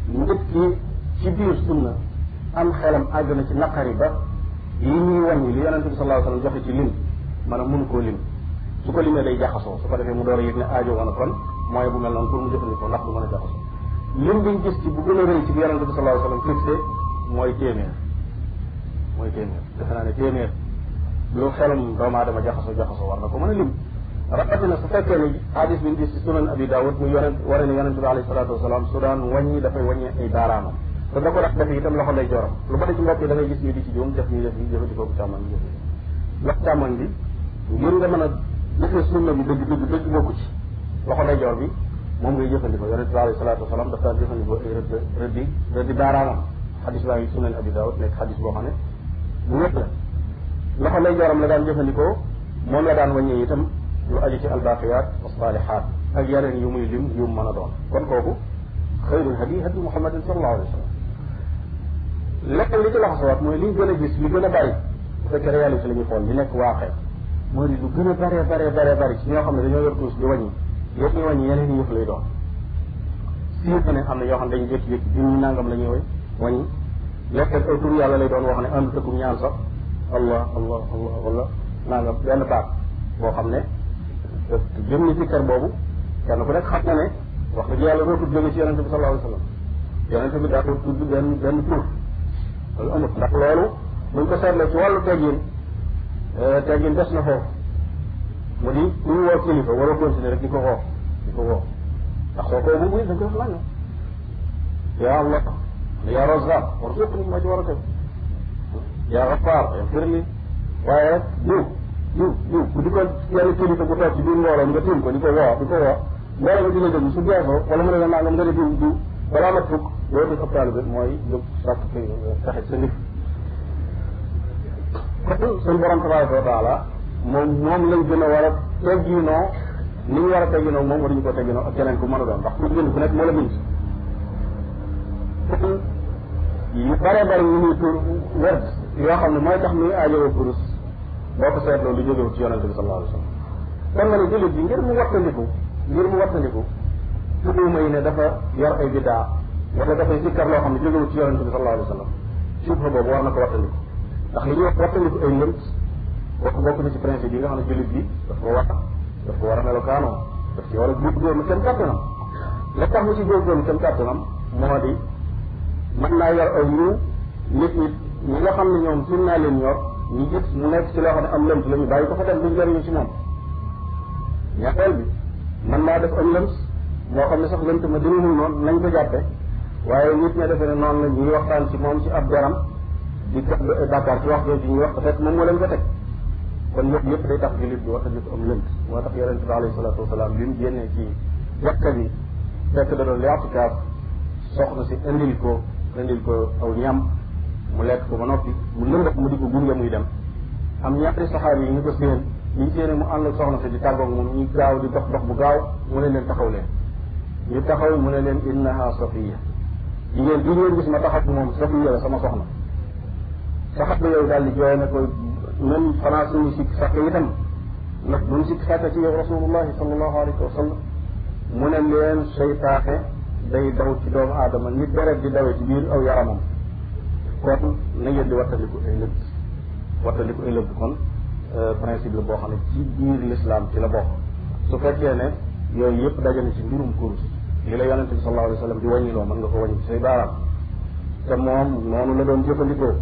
nit ki ci biir sunna àgg na ci naqari ba li ñuy wàññi li yonente bi sallallahu alayhi joxe ci lim maanaam mënu koo lim su ko limee day jaxasoo su ko defee mu door a yëg ne aajo woon a kon mooy bu mel noonu pour mu jëfandikoo ndax du mën a jaxasoo lim biñ gis ci bu gën a rëy ci bi yonente bi sallallahu alayhi wasallam fixé mooy téeméer mooy téeméer defe naa ne téeméer lu xelum doomu aadama jaxasoo jaxasoo war na ko mën a lim rawatina su fekkee ne hadis bi ñu gis ci sunan abi daawud mu yonent waree ne yonente bi alayhi salaatu wasalaam su daan wàññi dafay wàññi ay baaraamam te da ko def def itam loxo lay joram lu bari ci mbokk yi da gis ñu di ci juum def ñu def ñu jëfandikoo bu càmmoñ bi loxo càmmoñ bi ngir nga mën a dëfe sunna bi dëgg dëgg dëgg bokku ci loxo lay jor bi moom ngay jëfandikoo yonent bi alayhi salaatu wasalaam daf daan jëfandikoo ay rëdd rëdd yi rëdd yi baaraamam xadis baa ngi sunan abi daawud nekk xadis boo xam ne bu wér la loxo lay joram la daan jëfandikoo moom la daan wàññee itam lu aju ci albaaqiyaat wa saalihaat ak yeneen yu muy lim yu mu mën a doon kon kooku xayrul hadi hadi muhammadin sallallahu alayhi wa sallam lekk li ci laxasawaat mooy liñ gën a gis li gën a bari bu fekkee réalité la ñuy xool li nekk waaqe mooy li lu gën a bare bare bare bari ci ñoo xam ne dañoo yor tuus di wàññi yëpp ñu wàññi yeneen yëf lay doon siir ne xam ne yoo xam ne dañu jékki-jékki junni nangam la ñuy woy wàññi léeg-léeg ay tur yàlla lay doon wax ne ànd tëkkum ñaan sax allah allah allah wala nangam benn baat boo xam ne jëmmi si kër boobu kenn ku nekk xam na ne wax dëgg yàlla dootul jóge ci yonente bi sallallahu alayhi wa sallam yonente bi daa benn benn tur loolu amut ndax loolu buñ ko seetlee ci wàllu teggin teggin des na foofu mu di ku ñu woo kilifa war a continuer rek di ko woo di ko woo ndax soo koy bu da nga ko laajoo yaa Allah yaa Razaq warzuqni ma ci war a def yaa Ghaffar yaghfir li waaye rek diw diw diw bu di ko yàlla kilifa bu toog ci biir mbooloo nga ko di ko woo di ko woo mbooloo nga dina déglu wala mu ne la nangam nga ne diw diw balaa mat fukk loolu ab taalibe mooy jóg sàkk fexe sa nit kon suñu borom tabaraka wa moom moom lañ gën a war a tegginoo ni ñu war a tegginoo moom waruñu ko tegginoo ak keneen ku mën a doon ndax ku gën ku nekk moo la bind kon yu bare bari ñu muy tur werd yoo xam ne mooy tax muy aajowoo kurus boo ko seetloo lu jógewu ci yonente bi sallallahu alayhi wa sallam kon nga ne jullit bi ngir mu wattandiku ngir mu wattandiku tuuma yi ne dafa yor ay biddaa wala dafay sikkar loo xam ne jógewu ci yonente bi sallallahu alayhi wa sallam subha boobu war na ko wattandiku ndax li ñuy wax wattandiku ay lënt wax bokk na ci principe yi nga xam ne jullit bi daf ko war daf ko war a melokaanoo daf ci war a góorgóorlu kenn kàttanam la tax mu ci góorgóorlu kenn kàttanam moo di mën naa yor aw yiw nit nit ñi nga xam ne ñoom suñ naa leen ñor ñu gis mu am la ñu bàyyi ko fa dem duñ jëriñu ci moom ñaareel bi mën naa def am lënt moo xam ne sax lënt ma demewul noonu nañ ko jàppe waaye nit ña defe ne noonu la ñuy waxtaan ci moom ci ab garam di kàddu ay bàkkaar ci wax jooju ñuy wax ko fekk moom moo leen ko teg kon yëpp yëpp day tax jullit bi war a gis am lënt moo tax yonente bi alayhi salaatu wasalaam bi mu génnee ci jàkka bi fekk da doon liatikaaf soxna si indil ko indil ko aw ñam mu lekk ko ba noppi mu lëndëf mu di ko gunge muy dem am ñaari saxaar yi ñu ko séen ñu séene mu ànd ak soxna si di tàggoog moom ñu gaaw di dox dox bu gaaw mu ne leen taxaw leen ñu taxaw mu ne leen innaha safiya jigéen bi ngeen gis ma taxaw moom safiya la sama soxna saxaar bi yooyu daal di jooy ne ko même France ñu sikk sàkk itam ndax buñ sikk sàkk ci yow rasulullah sallallahu alayhi mu ne leen seytaaxe day daw ci doomu aadama nit deret di dawee ci biir aw yaramam kon na ngeen wattandiku ay lëbb wattandiku ay lëbb kon euh, principe la boo xam ne ci biir l'islam ci la bokk su fekkee ne yooyu yëpp dajale ci mbirum kurus li la yonente bi sallallahu di wàññiloo mën nga ko wàññi ci say baaraam te moom noonu la doon jëfandikoo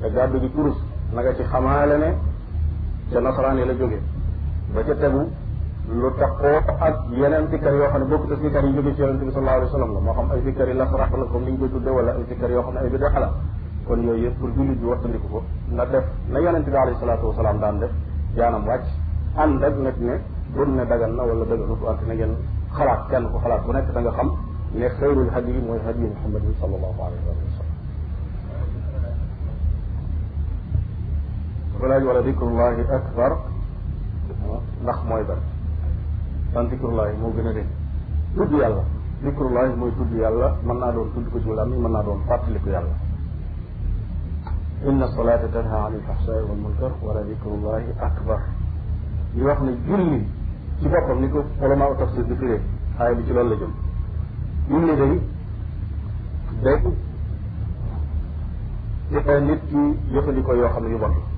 te gàddu gi kurus na nga ci xamaale ne ca nasaraan yi la jóge ba ca tegu lu taxoo ak yeneen sikkar yoo xam ne bokkut ak sikkar yi ci yonente bi sallallahu alayhi wa sallam la moo xam ay sikkar yi lasrax la comme ni ñu koy tudde wala ay sikkar yoo xam kon yooyu yëpp pour jullit bi wattandiku ko na def na yonente bi alayhi salaatu daan def yaanam wàcc ànd ak nag ne bun ne dagan na wala daganut wante na ngeen xalaat kenn ku xalaat bu da nga xam ne xayrul hadi mooy hadi muhammadin sallallahu alayhi wa sallam walaaj wala dikrullahi akbar ndax mooy ban ban dikrullahi moo gën a rëy tudd yàlla dikrullahi mooy tudd yàlla mën naa doon tudd ko ci làmmiñ mën naa doon fàttaliku yàlla inna salaata tanha anil fahsaa'i wal munkar wala dikrullahi akbar ñu wax ne julli ci boppam ni ko ulamaa tafsir bi firee aaya bi ci loolu la jëm julli day day nit ki jëfandikoo yoo xam ne yu bon la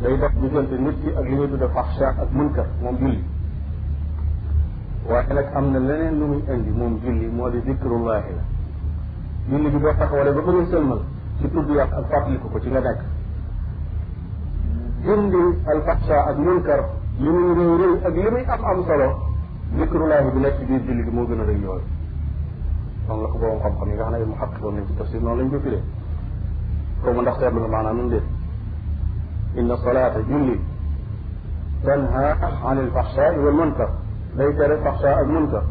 day dox diggante nit ki ak li ñuy tudde fahsha ak munkar moom julli waaye am na leneen lu muy indi moom julli moo di zikrullahi la julli bi boo taxawalee ba bëgg a sëlmal ci tudd yàq ak fàttaliku ko ci nga nekk dindi al fahsha ak munkar li muy réew réew ak li muy am am solo zikrullahi bi nekk ci biir julli bi moo gën a rëy yooyu noonu la ko borom xam-xam yi nga ne ay lañ ko firee xaw ma ndax seetlu nga maanaam nu mu déet inna salaata julli tanha an il faxsaa wal munkar day tere faxsaa ak munkar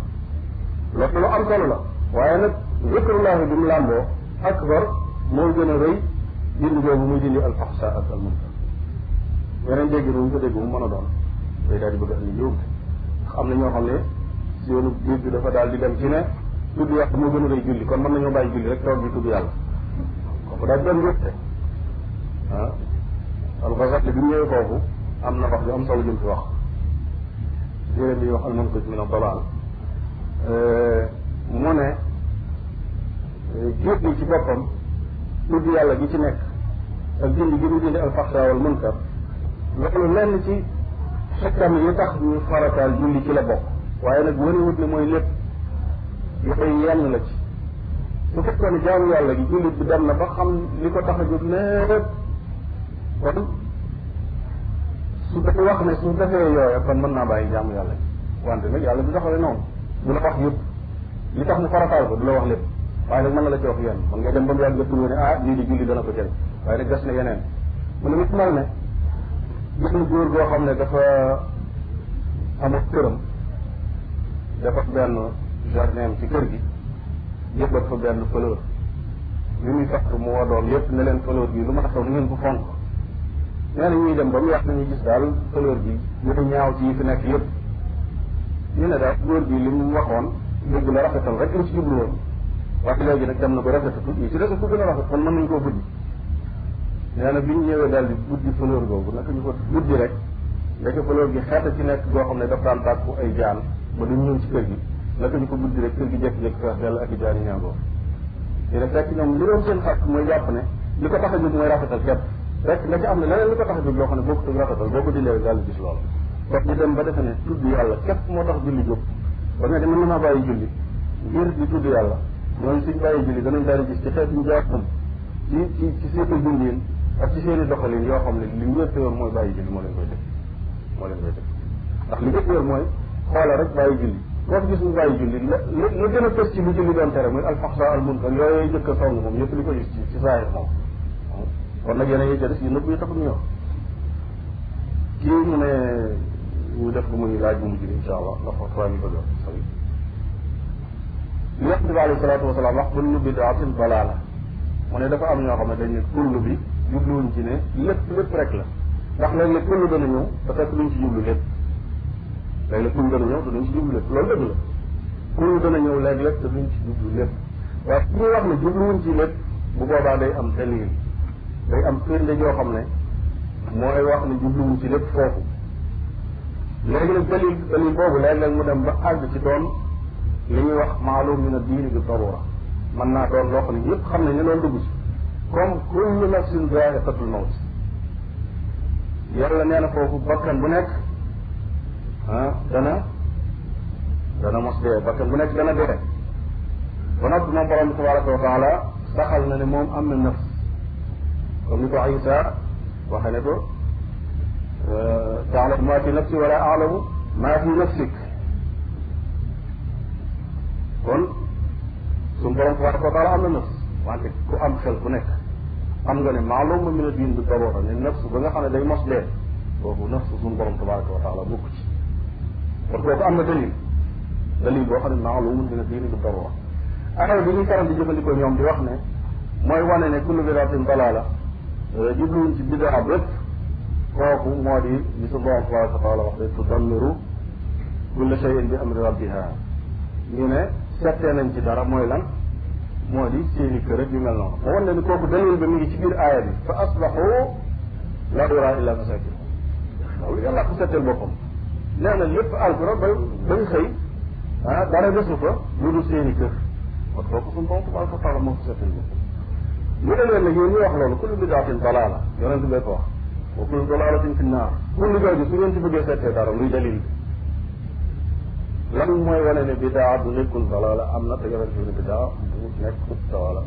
loolu lu am solo la waaye nag zikrullahi bi mu làmboo akbar moo gën a rëy dindi boobu muy dindi al faxsaa ak al munkar yeneen dégg bu ñu ko dégg mu mën a doon day daal di bëgg andi yóbbu ndax am na ñoo xam ne dafa daal di dem ci ne tudd yàlla moo gën a rëy julli kon mën nañoo bàyyi julli rek toog di tudd yàlla kooku daal di doon yóbbu ah alxasali bi ñëwee foofu am na wax ju am solo jëm ci wax téere bi wax almanqidh min ad-dalaal mu ne jéeg ci boppam tudd yàlla gi ci nekk ak dindi gi mu dindi alfaxsa wal munkar loolu lenn ci xekkam yi tax ñu farataal julli ci la bokk waaye nag wëriwut ne mooy lépp yooyu yenn la ci su fekkoon jaamu yàlla gi jullit bi dem na ba xam li ko tax a jóg kon su dafa wax ne su defee yooya kon mën naa bàyyi jaamu yàlla wante nag yàlla du doxale noonu du la wax yëpp li tax mu farataal ko du la wax lépp waaye nag mën na la ci wax yenn man nga dem ba mu yàgg nga tudd ne ah lii di julli dana ko jël waaye nag gas na yeneen mu ne mit mel ne benn góor goo xam ne dafa amul këram dafa benn jardin ci kër gi yëpp dafa benn fleur li muy fekk mu woo yëpp ne leen fleur gi lu ma taxaw ni ngeen ko fonk nee na ñuy dem ba mu wax nañu gis daal couleur gi mu di ñaaw ci yi fi nekk yëpp ñu ne daal couleur bi li mu waxoon dëgg la rafetal rek la ci jublu woon waaye léegi nag dem na ba rafetatu yi ci des ku gën a rafet kon mën nañu koo buddi nee na bi ñu ñëwee daal di buddi couleur googu naka ñu ko buddi rek ndeke couleur gi xeeta ci nekk goo xam ne daf daan tàkku ay jaan ba duñ ñëw ci kër gi naka ko buddi rek kër gi jékki-jékki fees dell ak i jaan yi ñaangoo ñu ne fekk ñoom li doon seen xàq mooy jàpp ne li ko tax a jóg rafetal képp rek la ca am ne leneen lu ko tax a jóg loo xam ne boo ko rafetal boo ko dindee daal gis loolu daf ñu dem ba defe ne tudd yàlla képp moo tax julli jóg ba nga ne mën na maa bàyyi julli ngir di tudd yàlla ñooñu suñ bàyyi julli danañ daal di gis ci xeetuñ jàppam ci ci ci seen i dundin ak ci seen i doxalin yoo xam ne li wér te wér mooy bàyyi julli moo leen koy def moo leen koy def ndax li wér wér mooy xoola rek bàyyi julli koo gis mu bàyyi julli lu gën a fës ci lu julli doon tere muy alfaxsa al munkar yooyu a song kon nag yeneen yi ca des yu nëbb yu taxul ñu wax kii mu ne ñu def lu muy laaj bu mujj bi incha allah ndax waxtu waa ngi bëgg a li yonent bi alayhi salaatu wasalaam wax kullu bidaatin dalaala mu ne dafa am ñoo xam ne dañ ne kullu bi jubluwuñ ci ne lépp lépp rek la ndax léeg-léeg kullu dana ñëw te fekk duñ ci jublu lépp léeg-léeg kullu dana ñëw te duñ ci jublu lépp la kullu dana ñëw léeg-léeg te duñ ci jublu lépp waaye su ñu wax ci lépp bu boobaa day am dalil day am firnde joo xam ne mooy wax ne jubluwu ci lépp foofu léegi nag dalil dalil boobu léeg-léeg mu dem ba àgg ci doon li ñuy wax maalum min ad-diini bi darura mën naa doon loo xam ne yëpp xam ne ñu lool dugg ci comme kullu nafsin zaa'iqatul mawt la nee na foofu bakkan bu nekk ah dana dana mos dee bakkan bu nekk dana dee ba noppi moom borom bi wa taala saxal na ne moom am na nafs comme ni ko Isa waxe ne ko taalamu maa fi nafsi wala aalamu maa fi nafsik kon suñu borom tabaraka wa taala am na nafs wante ku am xel ku nekk am nga ne maaluma min ad-diin bi daruura ne nafs ba nga xam ne day mos dee boobu nafs suñu borom tabaraka wa taala bokk ci kon kooku am na dalil dalil boo xam ne maaluma min ad-diin bi daruura aaya bi ñuy faral di jëfandikoo ñoom di wax ne mooy wane ne kullu bidaatin dalaala Euh, jubluwuñ ci bidaa bépp kooku moo di li su borom tabaraka wa taala wax de tudammiru kulla shay'in bi amri rabbiha ñu ne settee nañ ci dara mooy lan moo di seeni kër ak yu mel noonu ma wan ne ni kooku dalil ba mi ci biir aaya bi fa asbaxu laa yura illa masakin loolu yàlla ko setteel boppam nee na lépp alkura ba bañ xëy ah dara desu fa lu dul seeni kër kon kooku suñu borom tabaraka wa moo ko setteel boppam mu ne leen nag yéen ñu wax loolu kullu bidaatin dalaala yonent bee ko wax wa kullu dalaalatin fi naar kullu googu su ngeen ci bëggee seetee dara luy dalil bi lan mooy wane ne bidaa du nekkul dalaala am na te yonent bi ne bidaa du nekkul dalaala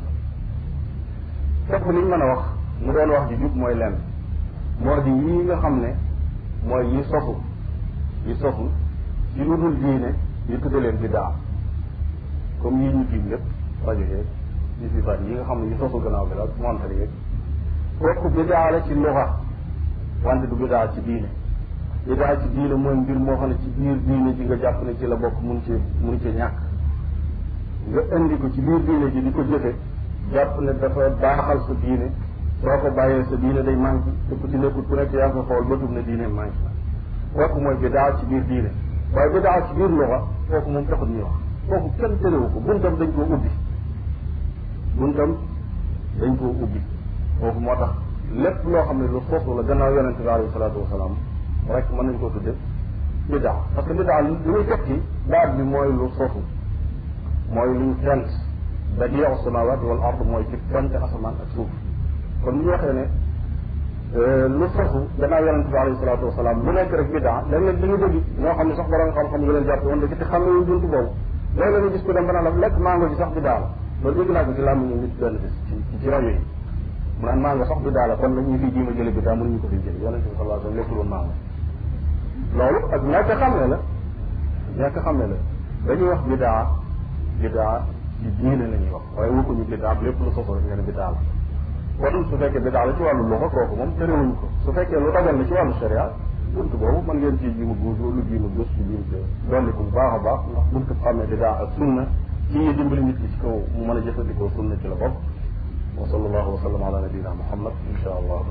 képp liñ mën a wax mu doon wax ji jub mooy lenn moo di yii nga xam ne mooy yi sofu yi sofu ci lu dul diine ñu tudde leen bidaa comme yii ñu tiim lépp rajo yeeg yi fi bari yi nga xam ne yi sosu gannaaw bi la ak montar yeeg kooku bidaa la ci luxa wante du bidaa ci diine bidaa ci diine mooy mbir moo xam ne ci biir diine ji nga jàpp ne ci la bokk mun ci mun ci ñàkk nga indi ko ci biir diine ji di ko jëfe jàpp ne dafa baaxal sa diine soo ko bàyyee sa diine day manqué te ku ci nekkul ku nekk yaa ko xool ba tub ne diine manqué na kooku mooy bidaa ci biir diine waaye bidaa ci biir luxa kooku moom taxut ñuy wax kooku kenn terewu ko buntam dañ koo ubbi buntam dañ koo ubbi foofu moo tax lépp loo xam ne lu foofu la gannaaw yonente bi alayhi salaatu wasalaam rek mën nañ koo tudde bidaa parce que bidaa li muy tekki baat bi mooy lu foofu mooy luñ fent badiu samawaati wal ard mooy ci fent asamaan ak suuf kon bu ñu waxee ne euh, lu sosu gannaaw yonente bi alayhi salaatu wasalaam lu nekk rek bidaa léeg-léeg dañu dégg ñoo xam ne sax borom xam-xam yu leen jàpp woon da ci te xam ne wuñ buntu boobu léeg-léeg ñu gis ko dem ba naan la lekk mango ji sax bidaa la loolu dégg naa ko ci làmm ñu nit benn bis ci ci rajo yi mu naan maa nga sax bi daala kon la ñuy fi jéem a jële bi daa mënuñu ko fi jële yonente bi sallallahu alayhi wasallam lekkul woon maa nga loolu ak ñàkk xam ne la ñàkk xam ne la dañuy wax bidaa bidaa ci diine la ñuy wax waaye waxuñu bidaa lépp lu soxla rek nga bidaa la kon su fekkee bidaa la ci wàllu loxo kooku moom terewuñ ko su fekkee lu dagal la ci wàllu sharia bunt boobu mën ngeen ci jiima góos lu jiima góos ci jiim te dolli ko bu baax a baax ndax bunt xam ne ak sunna lii ñu dimbali nit ki ci kaw mu mën a jëfandikoo sunna ci la bokk wa sallallahu wa sallam ala nabiyina muhammad insha allah